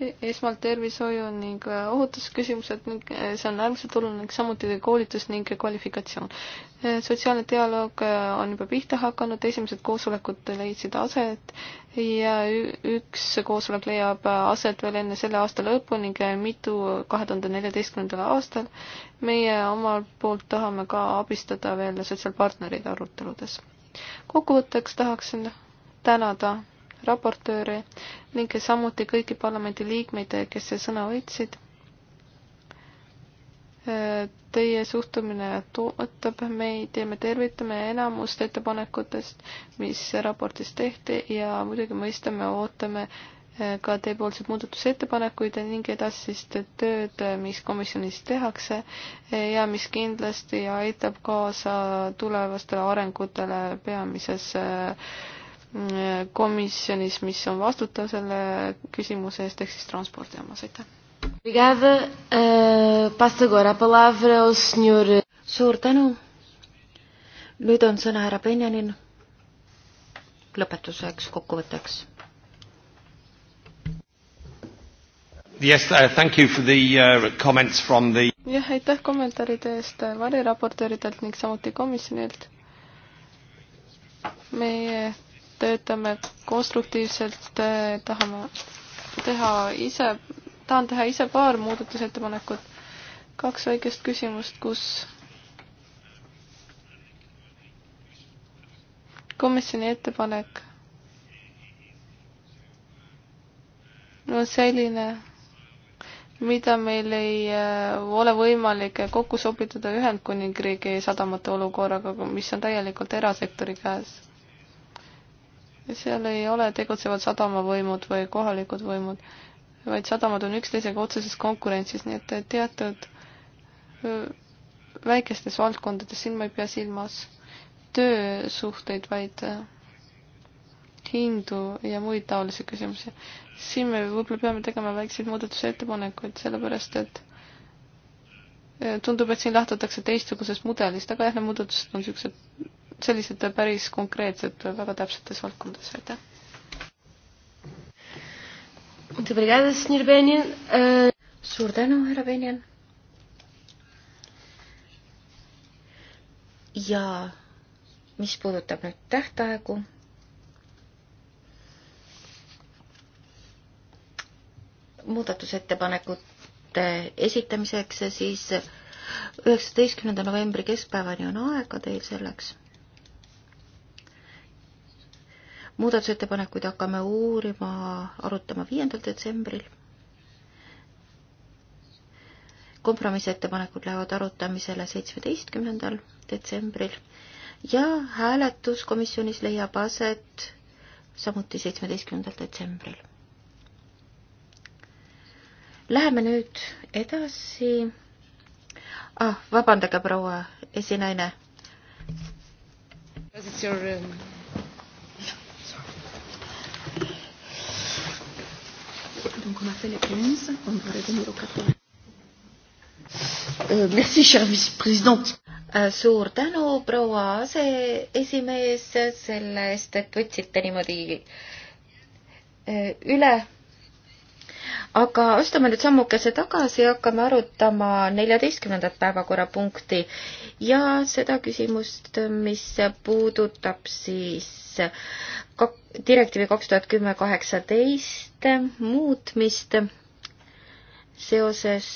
esmalt tervishoiu ning äh, ohutusküsimused ning äh, see on äärmiselt oluline ning samuti koolitus ning kvalifikatsioon. Äh, sotsiaalne dialoog on juba pihta hakanud, esimesed koosolekud leidsid aset ja üks koosolek leiab aset veel enne selle aasta lõppu ning mitu kahe tuhande neljateistkümnendal aastal. meie omalt poolt tahame ka abistada veel sotsiaalpartnereid aruteludes. kokkuvõtteks tahaksin tänada raportööre ning samuti kõiki parlamendi liikmeid, kes sõna võtsid. Teie suhtumine toetab meid ja me tervitame enamust ettepanekutest, mis raportis tehti ja muidugi mõistame, ootame eh, ka teiepoolseid muudatusettepanekuid ning edasist tööd, mis komisjonis tehakse eh, ja mis kindlasti aitab kaasa tulevastele arengutele peamises eh, komisjonis, mis on vastutav selle küsimuse eest, ehk siis transpordi omas, aitäh. Obrigada uh,, passo agora a palavra ao senhor. suur tänu. nüüd on sõna härra Benjamin lõpetuseks, kokkuvõtteks. Yes, uh, thank you for the uh, comments from the jah, aitäh kommentaaride eest variraportööridelt ning samuti komisjonilt. meie töötame konstruktiivselt, tahame teha ise, tahan teha ise paar muudatusettepanekut, kaks väikest küsimust, kus komisjoni ettepanek on selline, mida meil ei äh, ole võimalik kokku sobitada Ühendkuningriigi sadamate olukorraga, mis on täielikult erasektori käes seal ei ole tegutsevad sadamavõimud või kohalikud võimud, vaid sadamad on üksteisega otseses konkurentsis, nii et teatud väikestes valdkondades, siin ma ei pea silmas töösuhteid, vaid hindu ja muid taolisi küsimusi. siin me võib-olla peame tegema väikseid muudatusettepanekuid, sellepärast et tundub, et siin lähtutakse teistsugusest mudelist, aga jah, need muudatused on niisugused sellised päris konkreetsed, väga täpsetes valdkondades, aitäh. Eh, suur tänu, härra Benjan. ja mis puudutab nüüd tähtaegu, muudatusettepanekute esitamiseks, siis üheksateistkümnenda novembri keskpäevani on aega teil selleks muudatusettepanekuid hakkame uurima, arutama viiendal detsembril. kompromissettepanekud lähevad arutamisele seitsmeteistkümnendal detsembril ja hääletus komisjonis leiab aset samuti seitsmeteistkümnendal detsembril. Läheme nüüd edasi ah,. vabandage, proua esinaine. Your, um... Donc on a fait les 15, on va revenir au 14. Euh, merci, chère vice-présidente. Äh, suur tänu, proua aseesimees, selle eest, et võtsite niimoodi äh, üle aga astume nüüd sammukese tagasi ja hakkame arutama neljateistkümnendat päevakorrapunkti ja seda küsimust, mis puudutab siis direktiivi kaks tuhat kümme kaheksateist muutmist seoses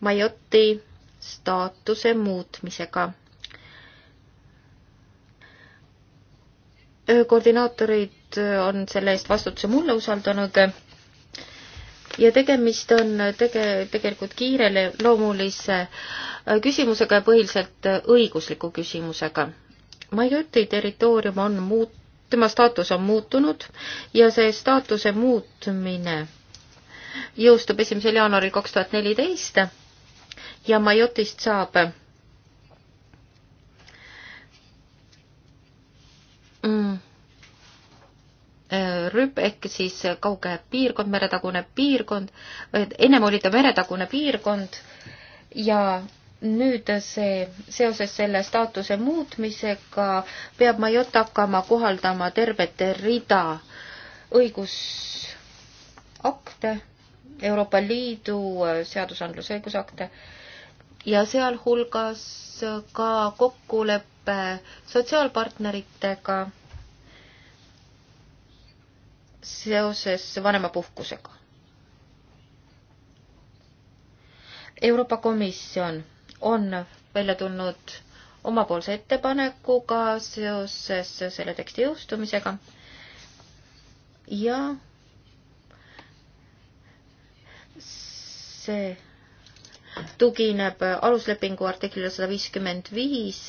Majoti staatuse muutmisega. koordinaatorid on selle eest vastutuse mulle usaldanud ja tegemist on tege-, tegelikult kiireloomulise äh, küsimusega ja põhiliselt äh, õigusliku küsimusega. Majuti territoorium on muut-, tema staatus on muutunud ja see staatuse muutmine jõustub esimesel jaanuaril kaks tuhat neliteist ja Majotist saab rüpp ehk siis kauge piirkond, meretagune piirkond, ennem oli ta meretagune piirkond ja nüüd see, seoses selle staatuse muutmisega peab Majot hakkama kohaldama tervet rida õigusakte, Euroopa Liidu seadusandluse õigusakte ja sealhulgas ka kokkulepe sotsiaalpartneritega seoses vanemapuhkusega. Euroopa Komisjon on välja tulnud omapoolse ettepanekuga seoses selle teksti jõustumisega ja see tugineb aluslepingu artiklile sada viiskümmend viis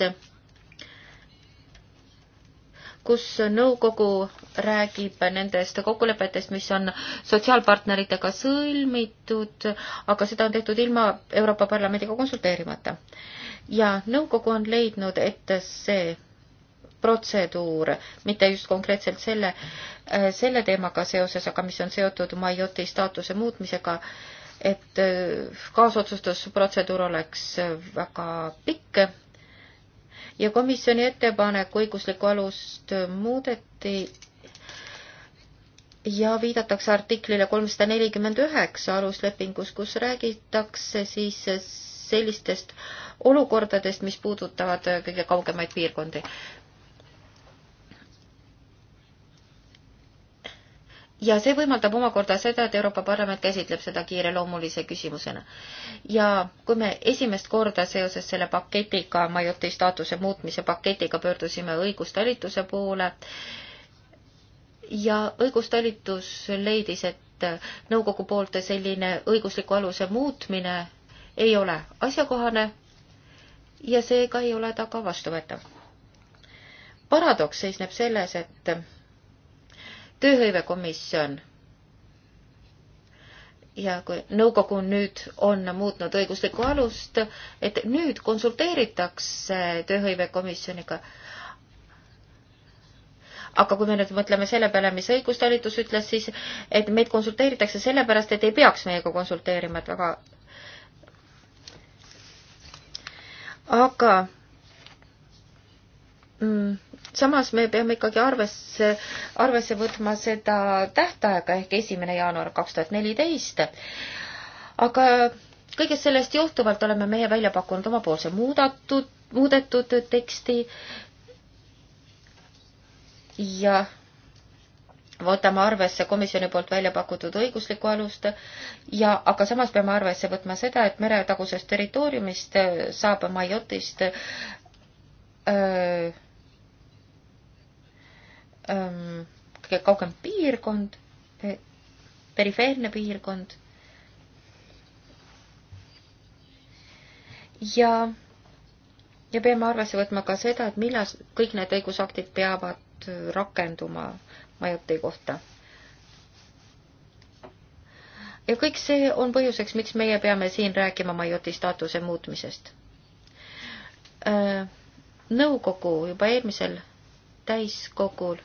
kus nõukogu räägib nendest kokkulepetest, mis on sotsiaalpartneritega sõlmitud, aga seda on tehtud ilma Euroopa Parlamendiga konsulteerimata. ja nõukogu on leidnud, et see protseduur, mitte just konkreetselt selle, selle teemaga seoses, aga mis on seotud Maioti staatuse muutmisega, et kaasotsustusprotseduur oleks väga pikk ja komisjoni ettepanek õiguslikku alust muudeti ja viidatakse artiklile kolmsada nelikümmend üheksa aluslepingus, kus räägitakse siis sellistest olukordadest, mis puudutavad kõige kaugemaid piirkondi. ja see võimaldab omakorda seda, et Euroopa Parlament käsitleb seda kiireloomulise küsimusena. ja kui me esimest korda seoses selle paketiga, Majuti staatuse muutmise paketiga pöördusime õigustalituse poole ja õigustalitus leidis, et nõukogu poolt selline õigusliku aluse muutmine ei ole asjakohane ja seega ei ole ta ka vastuvõetav. paradoks seisneb selles, et tööhõivekomisjon ja kui nõukogu nüüd on muutnud õiguslikku alust, et nüüd konsulteeritakse tööhõivekomisjoniga. aga kui me nüüd mõtleme selle peale, mis õigustalitus ütles, siis et meid konsulteeritakse sellepärast, et ei peaks meiega konsulteerima, et väga aga mm samas me peame ikkagi arvesse, arvesse võtma seda tähtaega ehk esimene jaanuar kaks tuhat neliteist. aga kõigest sellest johtuvalt oleme meie välja pakkunud omapoolse muudatud, muudetud teksti ja võtame arvesse komisjoni poolt välja pakutud õiguslikku alust ja, aga samas peame arvesse võtma seda, et meretagusest territooriumist saab Maiotist öö, äh, kõige kaugem piirkond, perifeerne piirkond. ja, ja peame arvesse võtma ka seda, et millal kõik need õigusaktid peavad äh, rakenduma majuti kohta. ja kõik see on põhjuseks, miks meie peame siin rääkima majuti staatuse muutmisest. Äh, nõukogu juba eelmisel täiskogul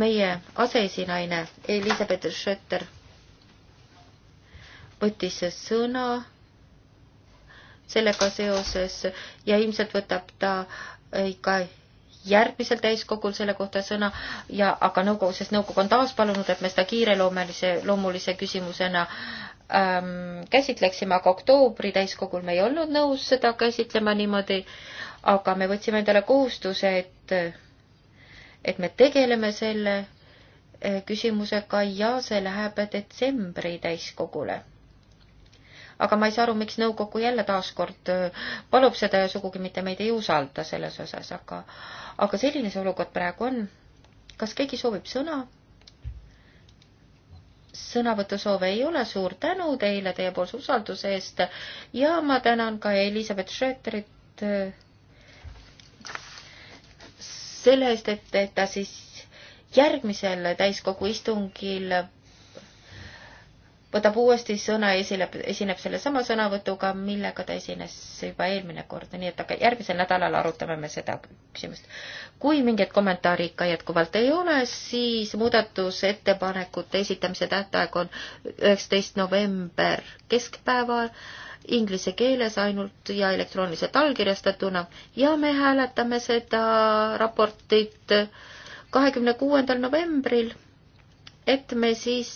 meie aseesinaine Elizabeth Schötter võttis sõna sellega seoses ja ilmselt võtab ta äh, ka järgmisel täiskogul selle kohta sõna ja aga nõukogu, sest nõukogu on taas palunud, et me seda kiireloomulise, loomulise küsimusena ähm, käsitleksime, aga oktoobri täiskogul me ei olnud nõus seda käsitlema niimoodi, aga me võtsime endale kohustuse, et et me tegeleme selle äh, küsimusega ja see läheb detsembri täiskogule. aga ma ei saa aru, miks nõukogu jälle taaskord äh, palub seda ja sugugi mitte meid ei usalda selles osas, aga, aga selline see olukord praegu on. kas keegi soovib sõna? sõnavõtusoove ei ole, suur tänu teile teiepoolse usalduse eest ja ma tänan ka Elizabeth Schröterit äh, selle eest, et, et ta siis järgmisel täiskogu istungil võtab uuesti sõna ja esineb, esineb sellesama sõnavõtuga, millega ta esines juba eelmine kord, nii et aga järgmisel nädalal arutame me seda küsimust. kui mingeid kommentaare ikka jätkuvalt ei ole, siis muudatusettepanekute esitamise tähtaeg on üheksateist november keskpäeval inglise keeles ainult ja elektrooniliselt allkirjastatuna ja me hääletame seda raportit kahekümne kuuendal novembril, et me siis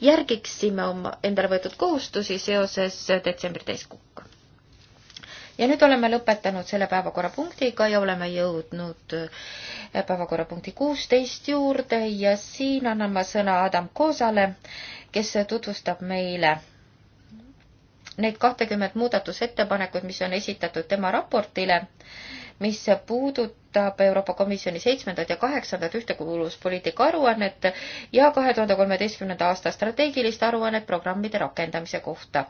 järgiksime oma endale võetud kohustusi seoses detsembri täiskukka. ja nüüd oleme lõpetanud selle päevakorrapunktiga ja oleme jõudnud päevakorrapunkti kuusteist juurde ja siin annan ma sõna Adam Koosale, kes tutvustab meile neid kahtekümmet muudatusettepanekut, mis on esitatud tema raportile, mis puudutab Euroopa Komisjoni seitsmendat ja kaheksandat ühtekuuluvuspoliitika aruannet ja kahe tuhande kolmeteistkümnenda aasta strateegilist aruannet programmide rakendamise kohta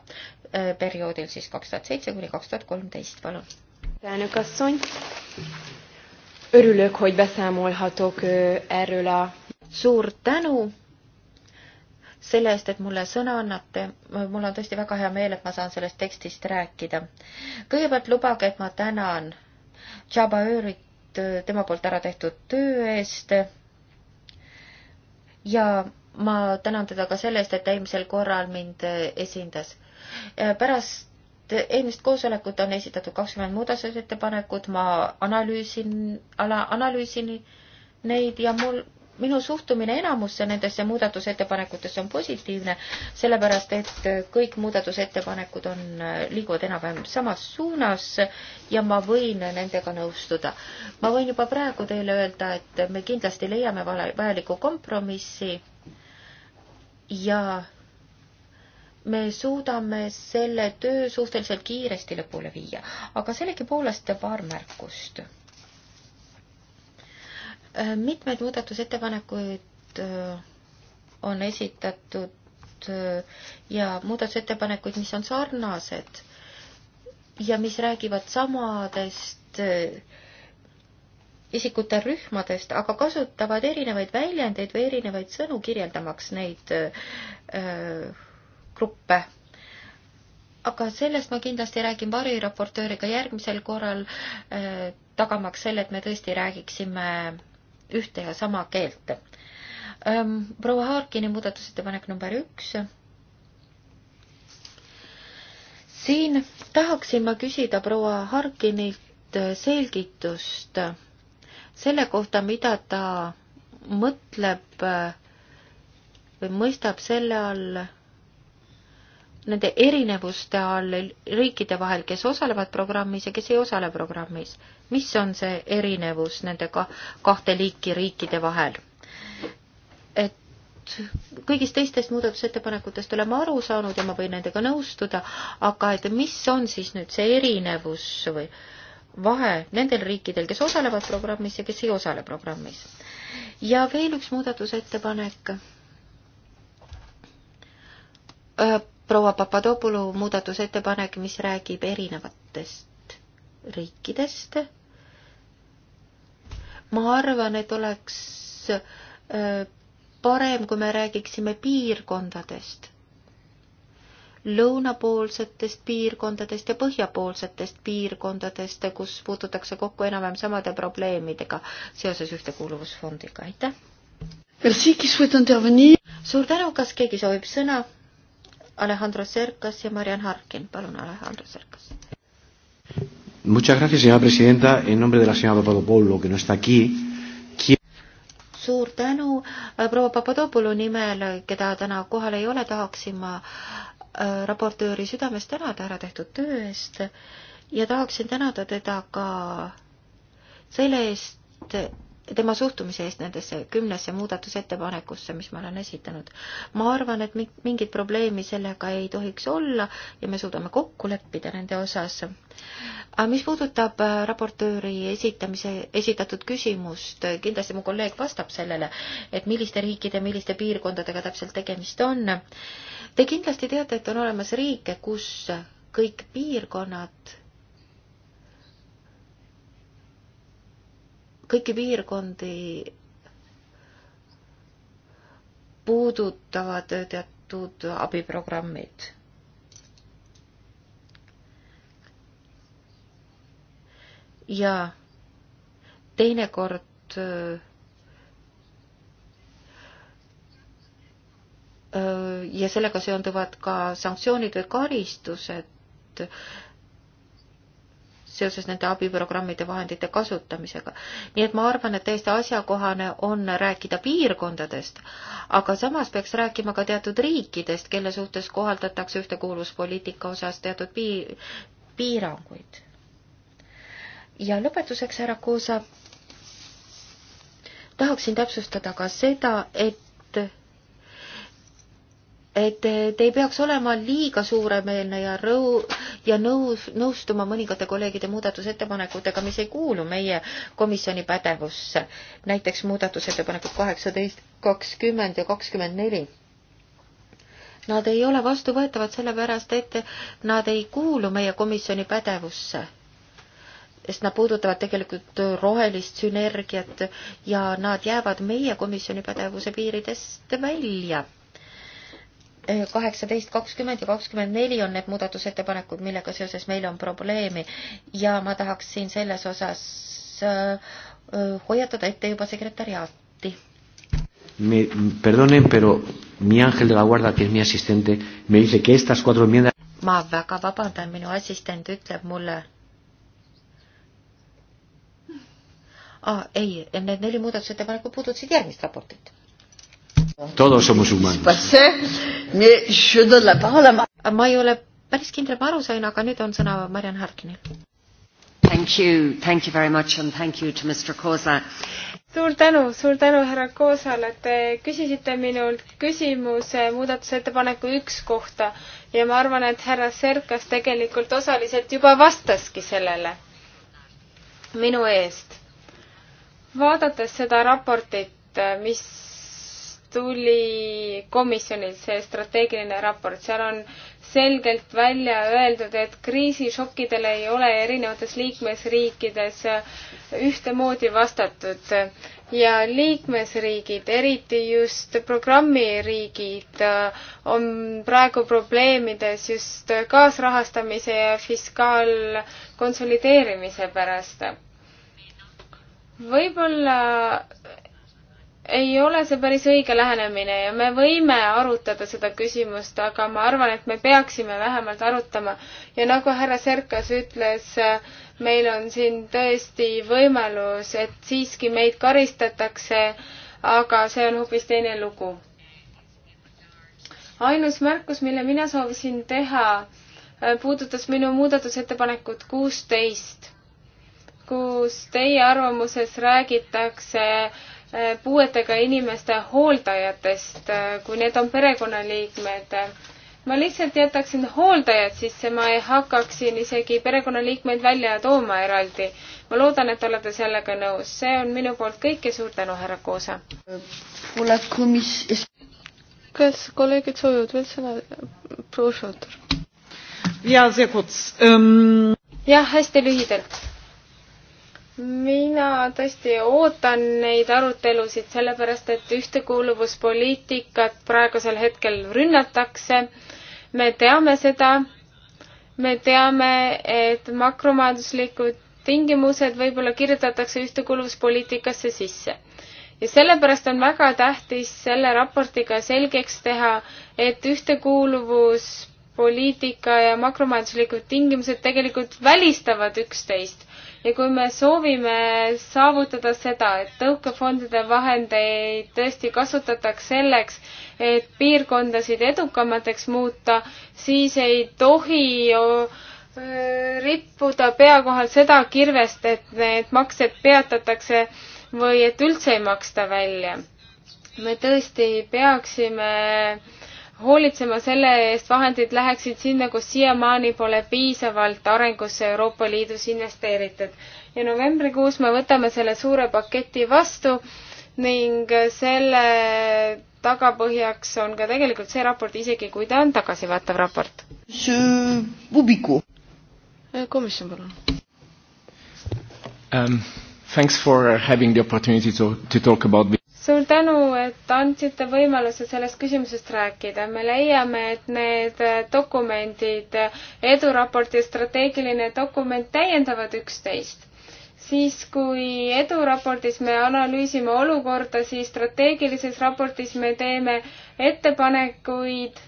perioodil siis kaks tuhat seitse kuni kaks tuhat kolmteist, palun. tänu, Kasson. Örülök, hogy beszámolhatok erről a suur tänu selle eest, et mulle sõna annate. mul on tõesti väga hea meel, et ma saan sellest tekstist rääkida. kõigepealt lubage, et ma tänan Jabaöörit äh, tema poolt ära tehtud töö eest ja ma tänan teda ka selle eest, et ta eelmisel korral mind äh, esindas. Äh, pärast eelmist koosolekut on esitatud kakskümmend muudatusettepanekut, ma analüüsin, ala, analüüsin neid ja mul minu suhtumine enamusse nendesse muudatusettepanekutesse on positiivne, sellepärast et kõik muudatusettepanekud on, äh, liiguvad enam-vähem samas suunas ja ma võin nendega nõustuda. ma võin juba praegu teile öelda, et me kindlasti leiame vale, vajaliku kompromissi ja me suudame selle töö suhteliselt kiiresti lõpule viia, aga sellegipoolest paar märkust Äh, mitmeid muudatusettepanekuid äh, on esitatud äh, ja muudatusettepanekuid, mis on sarnased ja mis räägivad samadest isikute rühmadest, aga kasutavad erinevaid väljendeid või erinevaid sõnu, kirjeldamaks neid öö, gruppe. aga sellest ma kindlasti räägin variraportööriga järgmisel korral, tagamaks selle, et me tõesti räägiksime ühte ja sama keelt. proua Harkini muudatusettepanek number üks. siin tahaksin ma küsida proua Harkinilt selgitust selle kohta, mida ta mõtleb või mõistab selle all nende erinevuste all riikide vahel, kes osalevad programmis ja kes ei osale programmis. mis on see erinevus nende ka kahte liiki riikide vahel? et kõigist teistest muudatusettepanekutest oleme aru saanud ja ma võin nendega nõustuda, aga et mis on siis nüüd see erinevus või vahe nendel riikidel, kes osalevad programmis ja kes ei osale programmis. ja veel üks muudatusettepanek äh, proua Papadopoulou muudatusettepanek, mis räägib erinevatest riikidest. ma arvan, et oleks äh, parem, kui me räägiksime piirkondadest, lõunapoolsetest piirkondadest ja põhjapoolsetest piirkondadest, kus puututakse kokku enam-vähem samade probleemidega seoses Ühtekuuluvusfondiga, aitäh! suur tänu, kas keegi soovib sõna? Alejandro Cercas ja Mariann Harkin. palun, Alejandro Cercas. Muchas gracias, señora presidenta. En nombre de la señora Papadopoulou, que no está aquí. suur tänu äh, proua Papadopoulou nimel, äh, keda täna kohal ei ole, tahaksin ma äh, raportööri südamest tänada ära tehtud töö eest ja tahaksin tänada teda ka selle eest, tema suhtumise eest nendesse kümnesse muudatusettepanekusse, mis ma olen esitanud. ma arvan, et mingit probleemi sellega ei tohiks olla ja me suudame kokku leppida nende osas. aga mis puudutab äh, raportööri esitamise, esitatud küsimust, kindlasti mu kolleeg vastab sellele, et milliste riikide, milliste piirkondadega täpselt tegemist on. Te kindlasti teate, et on olemas riike, kus kõik piirkonnad kõiki piirkondi puudutavad teatud abiprogrammid. ja teinekord äh, ja sellega seonduvad ka sanktsioonid või karistused seoses nende abiprogrammide vahendite kasutamisega. nii et ma arvan, et täiesti asjakohane on rääkida piirkondadest, aga samas peaks rääkima ka teatud riikidest, kelle suhtes kohaldatakse ühtekuuluvuspoliitika osas teatud pii-, piiranguid. ja lõpetuseks, härra Kuusa, tahaksin täpsustada ka seda, et et te ei peaks olema liiga suuremeelne ja rõu- ja nõus, nõustuma mõningate kolleegide muudatusettepanekutega, mis ei kuulu meie komisjoni pädevusse. näiteks muudatusettepanekud kaheksateist, kakskümmend ja kakskümmend neli. Nad ei ole vastuvõetavad sellepärast, et nad ei kuulu meie komisjoni pädevusse sest nad puudutavad tegelikult rohelist sünergiat ja nad jäävad meie komisjoni pädevuse piiridest välja kaheksateist, kakskümmend ja kakskümmend neli on need muudatusettepanekud, millega seoses meil on probleemi ja ma tahaks siin selles osas äh, äh, hoiatada ette juba sekretäriaati. Me perdonen, pero mi ángel de la guarda, que es mi asistente, me dice que estas cuatro enmiendas ma väga vabandan, minu assistent ütleb mulle ah,. ei, need neli muudatusettepanekut puudutasid järgmist raportit Ah, ma ei ole päris kindel, ma aru sain, aga nüüd on sõna Mariann Harkinil. Thank you, thank you very much and thank you to Mr Kosa. suur tänu, suur tänu härra Koosale, et te küsisite minult küsimuse muudatusettepaneku üks kohta ja ma arvan, et härra Serkas tegelikult osaliselt juba vastaski sellele minu eest. vaadates seda raportit, mis tuli komisjonilt, see strateegiline raport, seal on selgelt välja öeldud, et kriisišokkidel ei ole erinevates liikmesriikides ühtemoodi vastatud ja liikmesriigid, eriti just programmiriigid, on praegu probleemides just kaasrahastamise ja fiskaalkonsolideerimise pärast võib-olla ei ole see päris õige lähenemine ja me võime arutada seda küsimust, aga ma arvan, et me peaksime vähemalt arutama. ja nagu härra Serkas ütles, meil on siin tõesti võimalus, et siiski meid karistatakse, aga see on hoopis teine lugu. ainus märkus, mille mina soovisin teha, puudutas minu muudatusettepanekut kuusteist, kus teie arvamuses räägitakse äh, Äh, puuetega inimeste hooldajatest, äh, kui need on perekonnaliikmed. ma lihtsalt jätaksin hooldajad sisse, ma ei hakkaks siin isegi perekonnaliikmeid välja tooma eraldi. ma loodan, et olete sellega nõus. see on minu poolt kõik ja suur tänu, härra Koosa. kas kolleegid soovivad veel sõna? proua Šotor. Ähm, jah, hästi lühidalt mina tõesti ootan neid arutelusid, sellepärast et ühtekuuluvuspoliitikat praegusel hetkel rünnatakse. me teame seda, me teame, et makromajanduslikud tingimused võib-olla kirjutatakse ühtekuuluvuspoliitikasse sisse. ja sellepärast on väga tähtis selle raportiga selgeks teha, et ühtekuuluvuspoliitika ja makromajanduslikud tingimused tegelikult välistavad üksteist ja kui me soovime saavutada seda, et tõukefondide vahendeid tõesti kasutataks selleks, et piirkondasid edukamateks muuta, siis ei tohi ju äh, rippuda pea kohal seda kirvest, et need maksed peatatakse või et üldse ei maksta välja. me tõesti peaksime äh, hoolitsema selle eest, vahendid läheksid sinna, kus siiamaani pole piisavalt arengusse Euroopa Liidus investeeritud. ja novembrikuus me võtame selle suure paketi vastu ning selle tagapõhjaks on ka tegelikult see raport, isegi kui ta on tagasivaatav raport. komisjon, palun um,. Thanks for having the opportunity to, to talk about suur tänu, et andsite võimaluse sellest küsimusest rääkida. me leiame, et need dokumendid, eduraport ja strateegiline dokument täiendavad üksteist. siis, kui eduraportis me analüüsime olukorda, siis strateegilises raportis me teeme ettepanekuid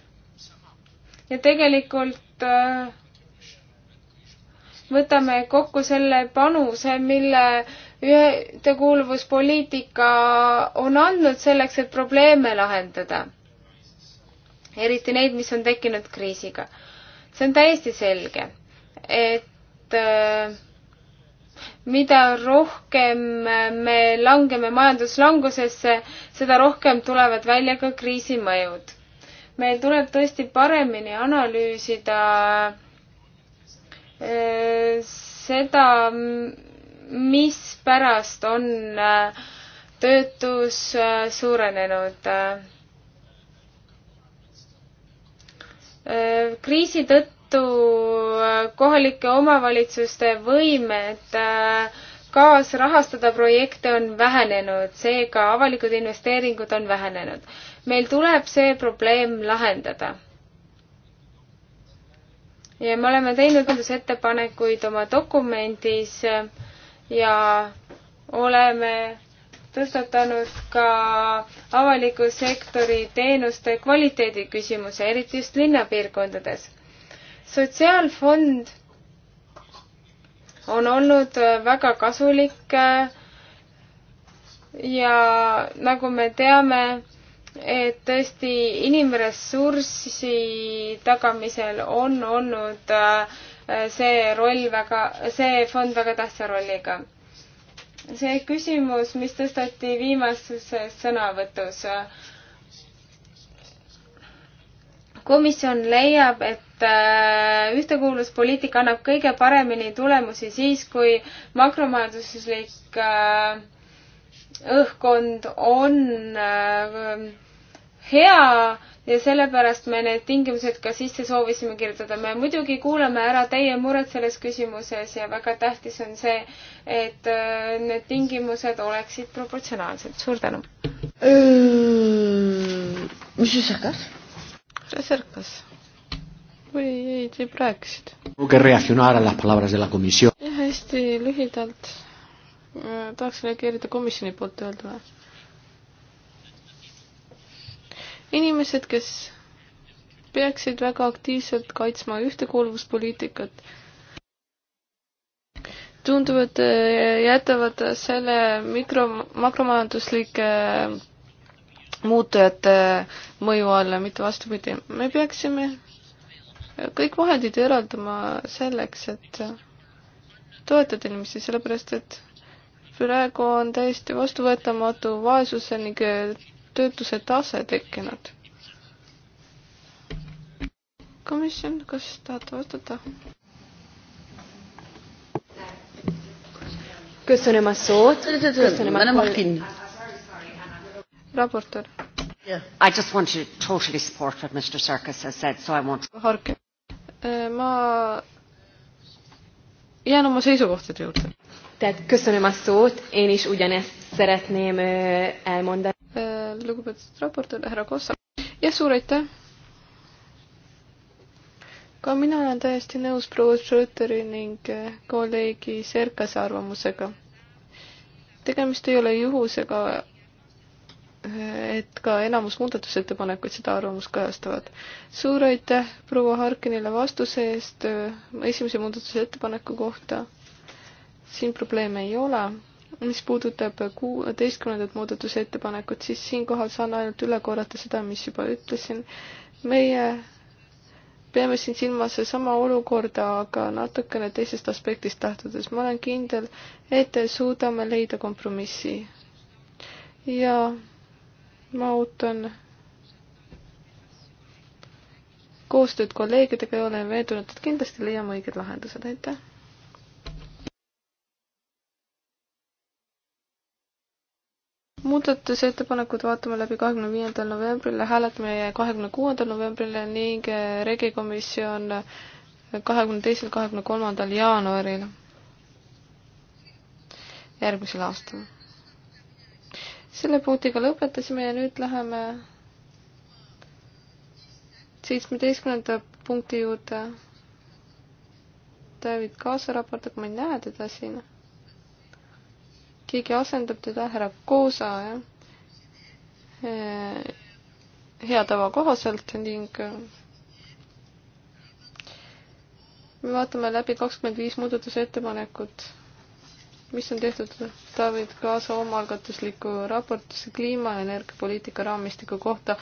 ja tegelikult äh, võtame kokku selle panuse, mille ühtekuuluvuspoliitika on andnud selleks, et probleeme lahendada. eriti neid, mis on tekkinud kriisiga. see on täiesti selge, et äh, mida rohkem äh, me langeme majanduslangusesse, seda rohkem tulevad välja ka kriisi mõjud. meil tuleb tõesti paremini analüüsida äh, seda, mispärast on äh, töötus äh, suurenenud. Äh, kriisi tõttu kohalike omavalitsuste võimed kaasrahastada projekte on vähenenud, seega avalikud investeeringud on vähenenud. meil tuleb see probleem lahendada ja me oleme teinud ettepanekuid oma dokumendis ja oleme tõstatanud ka avaliku sektori teenuste kvaliteedi küsimuse, eriti just linnapiirkondades. sotsiaalfond on olnud väga kasulik äh, ja nagu me teame, et tõesti inimressurssi tagamisel on olnud äh, see roll väga, see fond väga tähtsa rolliga. see küsimus, mis tõsteti viimases sõnavõtus. komisjon leiab, et äh, ühtekuuluvuspoliitika annab kõige paremini tulemusi siis, kui makromajanduslik äh, õhkkond on äh, hea ja sellepärast me need tingimused ka sisse soovisime kirjutada. me muidugi kuulame ära teie mured selles küsimuses ja väga tähtis on see, et äh, need tingimused oleksid proportsionaalsed. suur tänu. Äh, mis sa särkas? sa särkas või ei, te juba rääkisite. hästi lühidalt tahaks reageerida komisjoni poolt öeldule inimesed, kes peaksid väga aktiivselt kaitsma ühtekuuluvuspoliitikat, tunduvad, eh, jätavad selle mikro, makromajanduslike eh, muutujate eh, mõju alla, mitte vastupidi. me peaksime kõik vahendid eraldama selleks, et toetada inimesi, sellepärast et praegu on täiesti vastuvõetamatu vaesuse ning töötuse tase tekkinud? komisjon, kas tahate vastata? köszönöm a szót. Köszönöm a Martin. Raportőr. I just want to totally support what Mr. Serkis has said, so I won't. Harke. Äh, ma jään oma seisukohtade juurde Tehát köszönöm a szót, én is ugyanezt szeretném elmondani. Lugupeetud raportöör, härra Kossa. jah, suur aitäh! ka mina olen täiesti nõus proua Schröteri ning kolleegi Serkase arvamusega. tegemist ei ole juhusega, et ka enamus muudatusettepanekuid seda arvamust kajastavad. suur aitäh proua Harkinile vastuse eest esimese muudatusettepaneku kohta siin probleeme ei ole. mis puudutab kuueteistkümnendat muudatusettepanekut, siis siinkohal saan ainult üle korrata seda, mis juba ütlesin. meie peame siin silmas sama olukorda, aga natukene teisest aspektist lähtudes. ma olen kindel, et suudame leida kompromissi. ja ma ootan koostööd kolleegidega ja olen veendunud, et kindlasti leiame õiged lahendused, aitäh! muudatusettepanekud vaatame läbi kahekümne viiendal novembril, hääletamine kahekümne kuuendal novembril ning eh, regikomisjon kahekümne teisel, kahekümne kolmandal jaanuaril järgmisel aastal. selle punktiga lõpetasime ja nüüd läheme seitsmeteistkümnenda punkti juurde. David Kaasa raport, aga ma ei näe teda siin keegi asendab teda, härra Koosa, jah. Eh, hea tava kohaselt ning eh, me vaatame läbi kakskümmend viis muudatusettepanekut, mis on tehtud David Kaasa omaalgatusliku raportisse kliima- ja energiapoliitika raamistiku kohta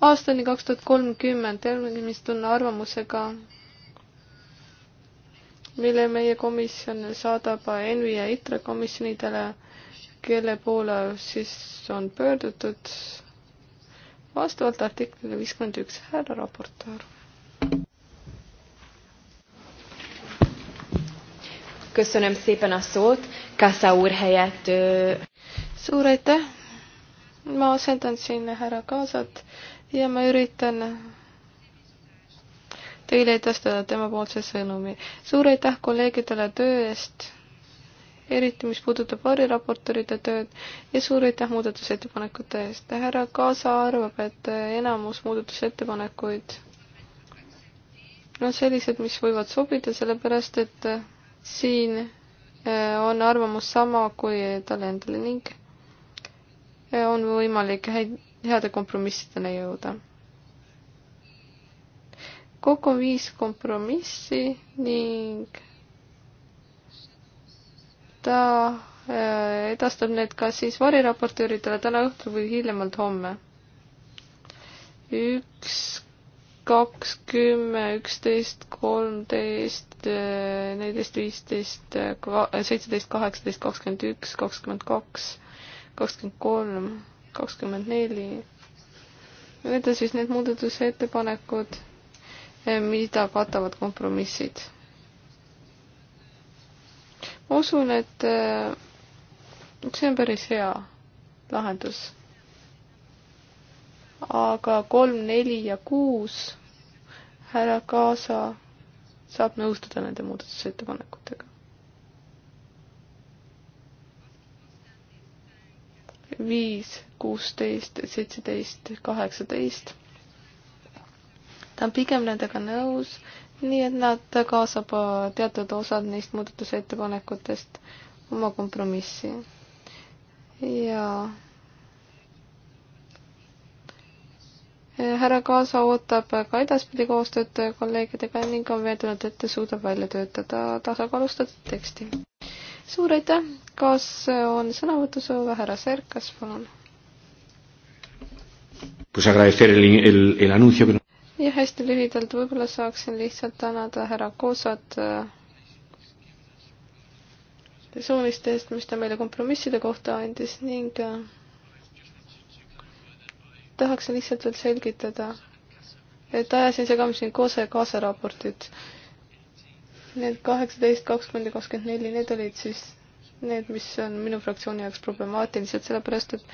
aastani kaks tuhat kolmkümmend, tegemist on arvamusega, mille meie komisjon saadab ENVI ja ITRE komisjonidele kelle poole siis on pöördutud vastavalt artiklile viiskümmend üks, härra raportöör. köszönöm szépen a szót, Kassa úr helyett. suur aitäh, ma asendan siin härra Kaasat ja ma üritan teile edastada tema poolse sõnumi. suur aitäh kolleegidele töö eest eriti mis puudutab variraportorite tööd ja suur aitäh muudatusettepanekute eest. härra Kaasa arvab, et enamus muudatusettepanekuid on sellised, mis võivad sobida, sellepärast et siin eh, on arvamus sama kui talle endale ning eh, on võimalik häid, heade kompromissideni jõuda. kokku on viis kompromissi ning ta äh, edastab need kas siis variraportööridele täna õhtul või hiljemalt homme. üks, kaks, kümme, üksteist, kolmteist, äh, neliteist, viisteist, äh, seitseteist, kaheksateist, kakskümmend üks, kakskümmend kaks, kakskümmend kolm, kakskümmend neli. Need on siis need muudatusettepanekud, mida katavad kompromissid ma usun, et äh, see on päris hea lahendus. aga kolm, neli ja kuus härra Kaasa saab nõustuda nende muudatusettepanekutega. viis, kuusteist, seitseteist, kaheksateist. ta on pigem nendega nõus nii et nad kaasab äh, teatud osad neist muudatusettepanekutest oma kompromissi. ja äh, härra Kaasa ootab ka edaspidi koostööd kolleegidega ning on veendunud, et ta suudab välja töötada tasakaalustatud teksti. suur aitäh, kas on sõnavõtusoove, härra Serkas, palun? jah, hästi lühidalt võib-olla saaksin lihtsalt tänada härra Koosat äh, suuniste eest, mis ta meile kompromisside kohta andis ning äh, tahaksin lihtsalt veel selgitada, et ajasin segamisi Koose ja Kaasa raportid. Need kaheksateist, kakskümmend ja kakskümmend neli, need olid siis need, mis on minu fraktsiooni jaoks problemaatilised, sellepärast et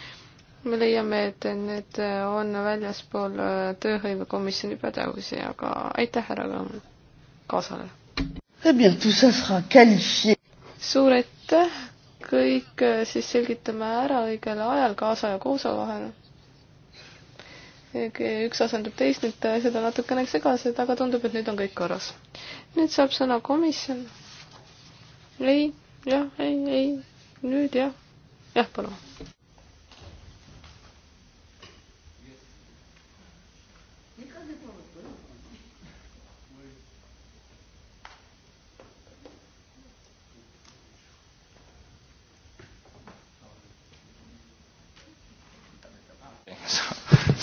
me leiame, et need on väljaspool äh, tööhõivekomisjoni pädevusi, aga aitäh härra Kaasale. suur aitäh, kõik äh, siis selgitame ära õigel ajal Kaasa ja Koosa vahel. üks asendab teist, nüüd äh, asjad on natukene segased, aga tundub, et nüüd on kõik korras. nüüd saab sõna komisjon. ei, jah, ei, ei, nüüd jah, jah, palun.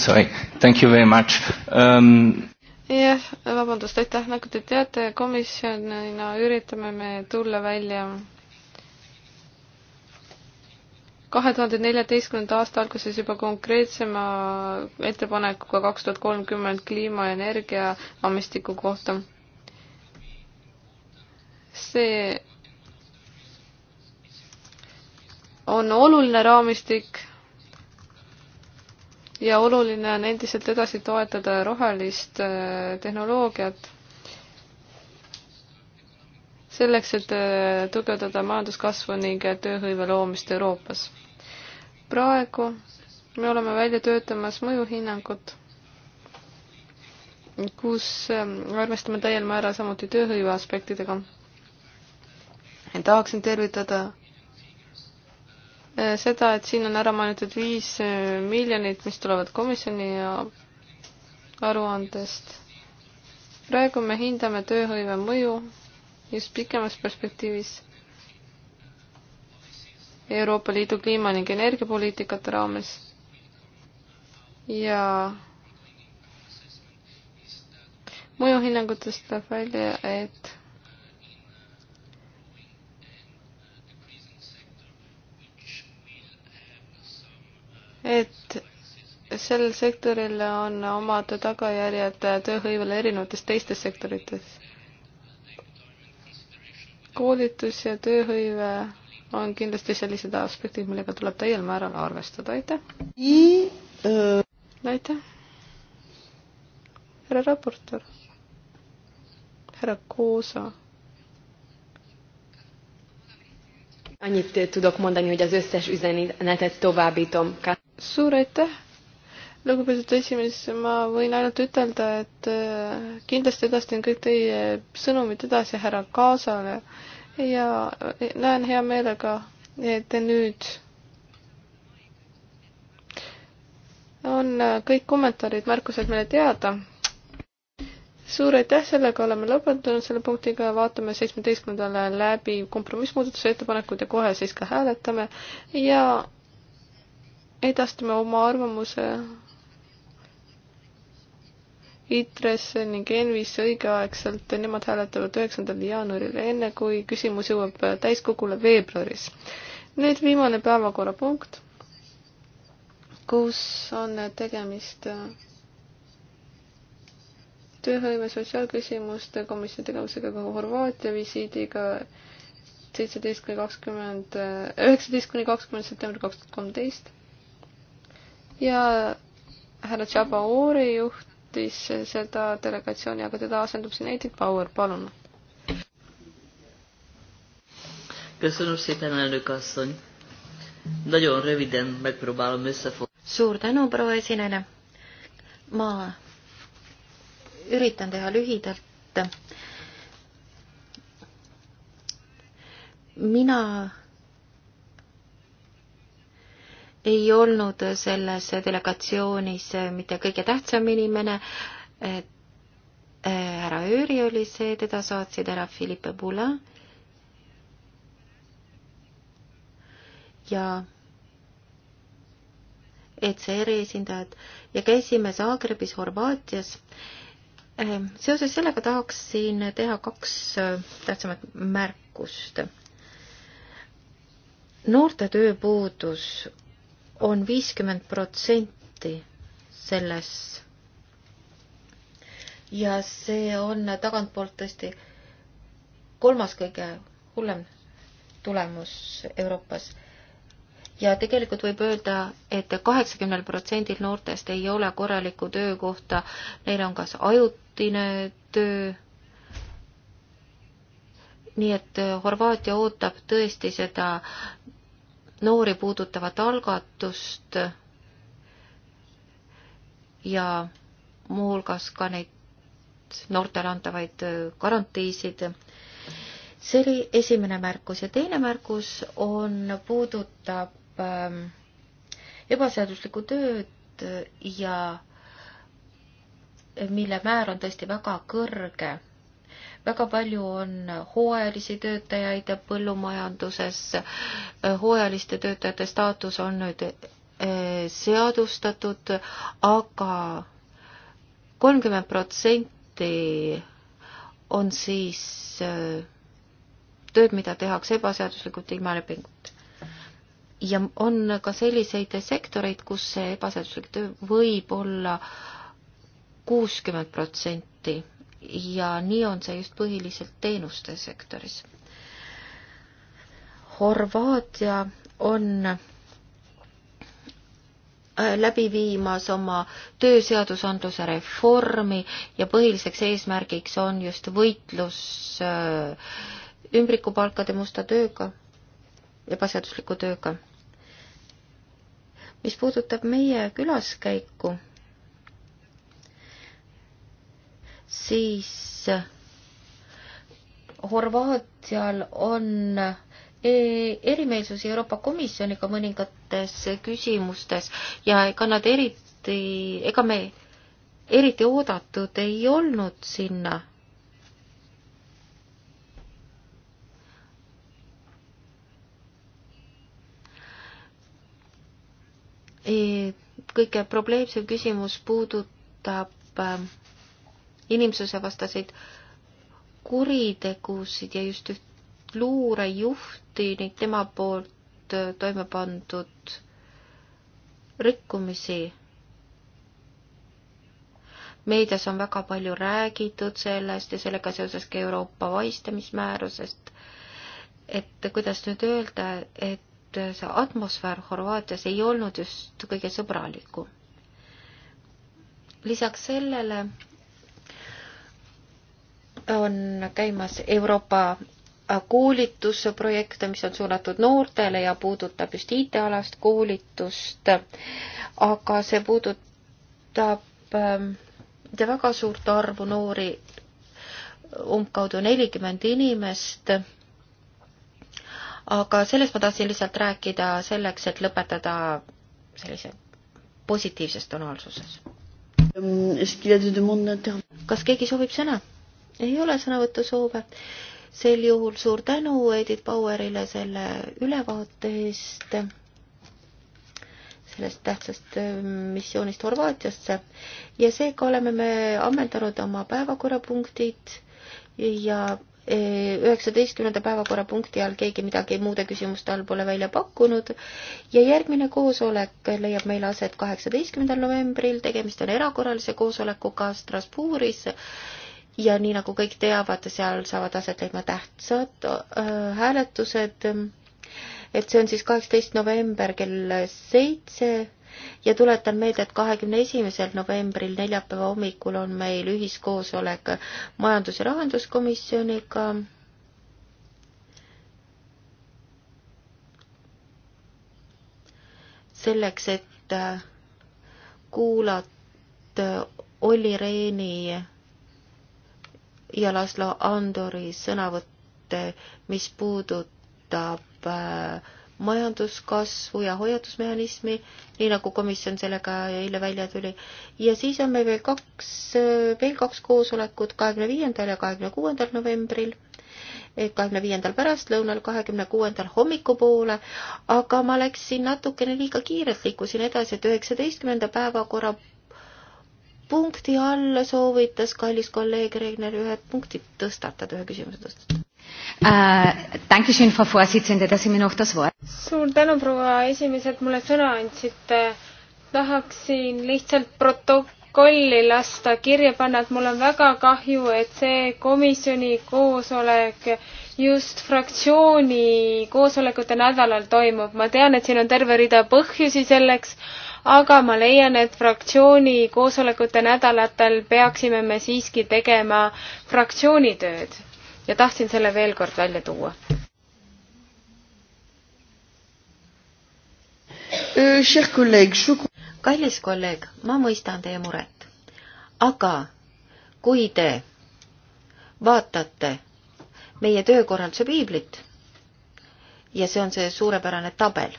sorry, thank you very much um.... jah, vabandust, aitäh, nagu te teate, komisjonina üritame me tulla välja kahe tuhande neljateistkümnenda aasta alguses juba konkreetsema ettepanekuga kaks tuhat kolmkümmend kliima ja energia amestiku kohta. see on oluline raamistik ja oluline on endiselt edasi toetada rohelist äh, tehnoloogiat selleks, et äh, tugevdada majanduskasvu ning äh, tööhõive loomist Euroopas. praegu me oleme välja töötamas mõjuhinnangut, kus ähm, arvestame täiel määral samuti tööhõive aspektidega. tahaksin tervitada Äh, seda, et siin on ära mainitud viis äh, miljonit, mis tulevad komisjoni aruandest. praegu me hindame tööhõive mõju just pikemas perspektiivis Euroopa Liidu kliima- ning energiapoliitikate raames ja mõjuhinnangutest tuleb välja, et et sellel sektoril on omad tagajärjed tööhõivele erinevates teistes sektorites. koolitus ja tööhõive on kindlasti sellised aspektid, millega tuleb täiel määral arvestada, aitäh! aitäh! härra raportöör, härra Koosa. Annyit tudok mondani, hogy az összes üzenetet továbbítom suur aitäh, lugupeetud esimees, ma võin ainult ütelda, et äh, kindlasti edastan kõik teie sõnumid edasi härra Kaasale ja äh, näen hea meelega, et nüüd on äh, kõik kommentaarid, märkused meile teada. suur aitäh, sellega oleme lõpetanud selle punktiga, vaatame seitsmeteistkümnendale läbi kompromissmuudatuse ettepanekud ja kohe siis ka hääletame ja edastame oma arvamuse ITRE-sse ning ENVisse õigeaegselt, nemad hääletavad üheksandal jaanuaril, enne kui küsimus jõuab täiskogule veebruaris. nüüd viimane päevakorrapunkt, kus on tegemist tööhõive sotsiaalküsimuste komisjoni tegevusega ka Horvaatia visiidiga seitseteist kuni kakskümmend, üheksateist kuni kakskümmend september kaks tuhat kolmteist ja härra Tšaba Oori juhtis seda delegatsiooni, aga teda asendab siin Edith Bauer, palun. köszönöm szépen, elnök asszony. Nagyon röviden megpróbálom összefoglalni. Suur tänu, proua esinejale. ma üritan teha lühidalt. mina ei olnud selles delegatsioonis eh, mitte kõige tähtsam inimene, eh, härra Ööri oli see, teda saatsid ära Philippe Bula ja ECR-i esindajad ja käisime Zagrebis Horvaatias. Eh, seoses sellega tahaksin teha kaks tähtsamat märkust. noorte tööpuudus on viiskümmend protsenti selles. ja see on tagantpoolt tõesti kolmas kõige hullem tulemus Euroopas. ja tegelikult võib öelda et, et kaheksakümnel protsendil noortest ei ole korralikku töökohta, neil on kas ajutine töö, nii et Horvaatia ootab tõesti seda noori puudutavat algatust ja muuhulgas ka neid noortele antavaid garantiisid. see oli esimene märkus ja teine märkus on, puudutab ähm, ebaseaduslikku tööd ja mille määr on tõesti väga kõrge väga palju on hooajalisi töötajaid põllumajanduses, hooajaliste töötajate staatus on nüüd eh, seadustatud aga, aga kolmkümmend protsenti on siis eh, tööd, mida tehakse ebaseaduslikult ilma lepinguta. ja on ka selliseid sektoreid, kus see ebaseaduslik töö võib olla kuuskümmend protsenti ja nii on see just põhiliselt teenuste sektoris. Horvaatia on äh, läbi viimas oma tööseadusandluse reformi ja põhiliseks eesmärgiks on just võitlus äh, ümbrikupalkade musta tööga, ebaseadusliku tööga. mis puudutab meie külaskäiku siis Horvaatial on e- erimeelsusi Euroopa Komisjoniga mõningates küsimustes ja ega nad eriti, ega me eriti oodatud ei olnud sinna. E- kõige probleemsem küsimus puudutab ähm, inimsusevastaseid kuritegusid ja just üht luurejuhti ning tema poolt äh, toime pandud rikkumisi. meedias on väga palju räägitud sellest ja sellega seoses ka Euroopa vaistamismäärusest, et kuidas nüüd öelda, et see atmosfäär Horvaatias ei olnud just kõige sõbralikum. lisaks sellele on käimas Euroopa koolitusprojekte, mis on suunatud noortele ja puudutab just IT-alast koolitust, aga see puudutab ähm, mitte väga suurt arvu noori, umbkaudu nelikümmend inimest, aga sellest ma tahtsin lihtsalt rääkida selleks, et lõpetada sellise positiivses tonaalsuses. kas keegi soovib sõna? ei ole sõnavõtusoove. sel juhul suur tänu Edith Bauerile selle ülevaate eest, sellest tähtsast äh, missioonist Horvaatiasse ja seega oleme me ammendanud oma päevakorrapunktid ja äh, üheksateistkümnenda päevakorrapunkti all keegi midagi muude küsimuste all pole välja pakkunud ja järgmine koosolek leiab meil aset kaheksateistkümnendal novembril, tegemist on erakorralise koosolekuga Strasbourgis ja nii nagu kõik teavad, seal saavad aset leidma tähtsad äh, hääletused. et see on siis kaheksateist november kell seitse ja tuletan meelde, et kahekümne esimesel novembril, neljapäeva hommikul on meil ühiskoosolek majandus- ja rahanduskomisjoniga. selleks, et äh, kuulata äh, Olli Rehni ja Laslo Andori sõnavõtte, mis puudutab äh, majanduskasvu ja hoiatusmehhanismi, nii nagu komisjon sellega eile välja tuli. ja siis on meil veel kaks, äh, veel kaks koosolekut, kahekümne viiendal ja kahekümne kuuendal novembril eh, kahekümne viiendal pärastlõunal, kahekümne kuuendal hommikupoole, aga ma läksin natukene liiga kiirelt, liikusin edasi, et üheksateistkümnenda päevakorra punkti all soovitas kallis kolleeg Regner ühe punkti tõstatada, ühe küsimuse tõstatada. Äh, Dankeschön, Frau Vorsitzende, dass Sie mir noch das Wort. suur tänu, proua esimees, et mulle sõna andsite. tahaksin lihtsalt protokolli lasta kirja panna, et mul on väga kahju, et see komisjoni koosolek just fraktsiooni koosolekute nädalal toimub. ma tean, et siin on terve rida põhjusi selleks aga ma leian, et fraktsiooni koosolekute nädalatel peaksime me siiski tegema fraktsiooni tööd ja tahtsin selle veel kord välja tuua. Äh, kallis kolleeg, ma mõistan teie muret, aga kui te vaatate meie töökorralduse piiblit ja see on see suurepärane tabel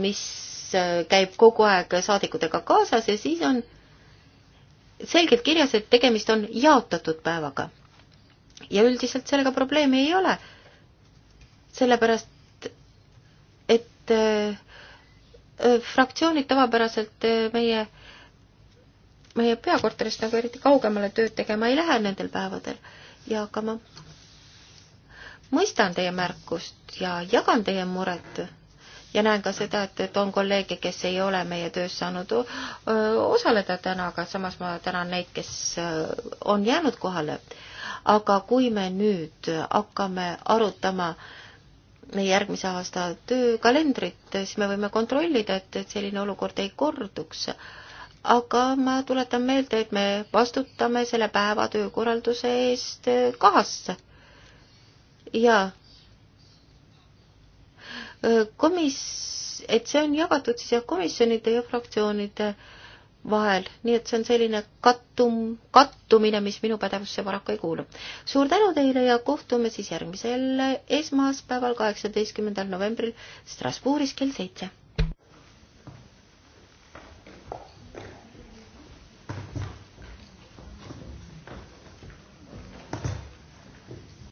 mis äh, käib kogu aeg saadikutega kaasas ja siis on selgelt kirjas, et tegemist on jaotatud päevaga. ja üldiselt sellega probleemi ei ole. sellepärast, et äh, äh fraktsioonid tavapäraselt äh, meie, meie peakorterist nagu eriti kaugemale tööd tegema ei lähe nendel päevadel ja aga ma mõistan teie märkust ja jagan teie muret ja näen ka seda, et, et on kolleege, kes ei ole meie töös saanud osaleda täna, aga samas ma tänan neid, kes on jäänud kohale. aga kui me nüüd hakkame arutama järgmise aasta töökalendrit, siis me võime kontrollida, et, et selline olukord ei korduks aga ma tuletan meelde, et me vastutame selle päeva töökorralduse eest äh, kahasse. jaa komis-, et see on jagatud siis komisjonide ja fraktsioonide vahel, nii et see on selline kattum, kattumine, mis minu pädevusse paraku ei kuulu. suur tänu teile ja kohtume siis järgmisel esmaspäeval, kaheksateistkümnendal novembril Strasbourgis kell seitse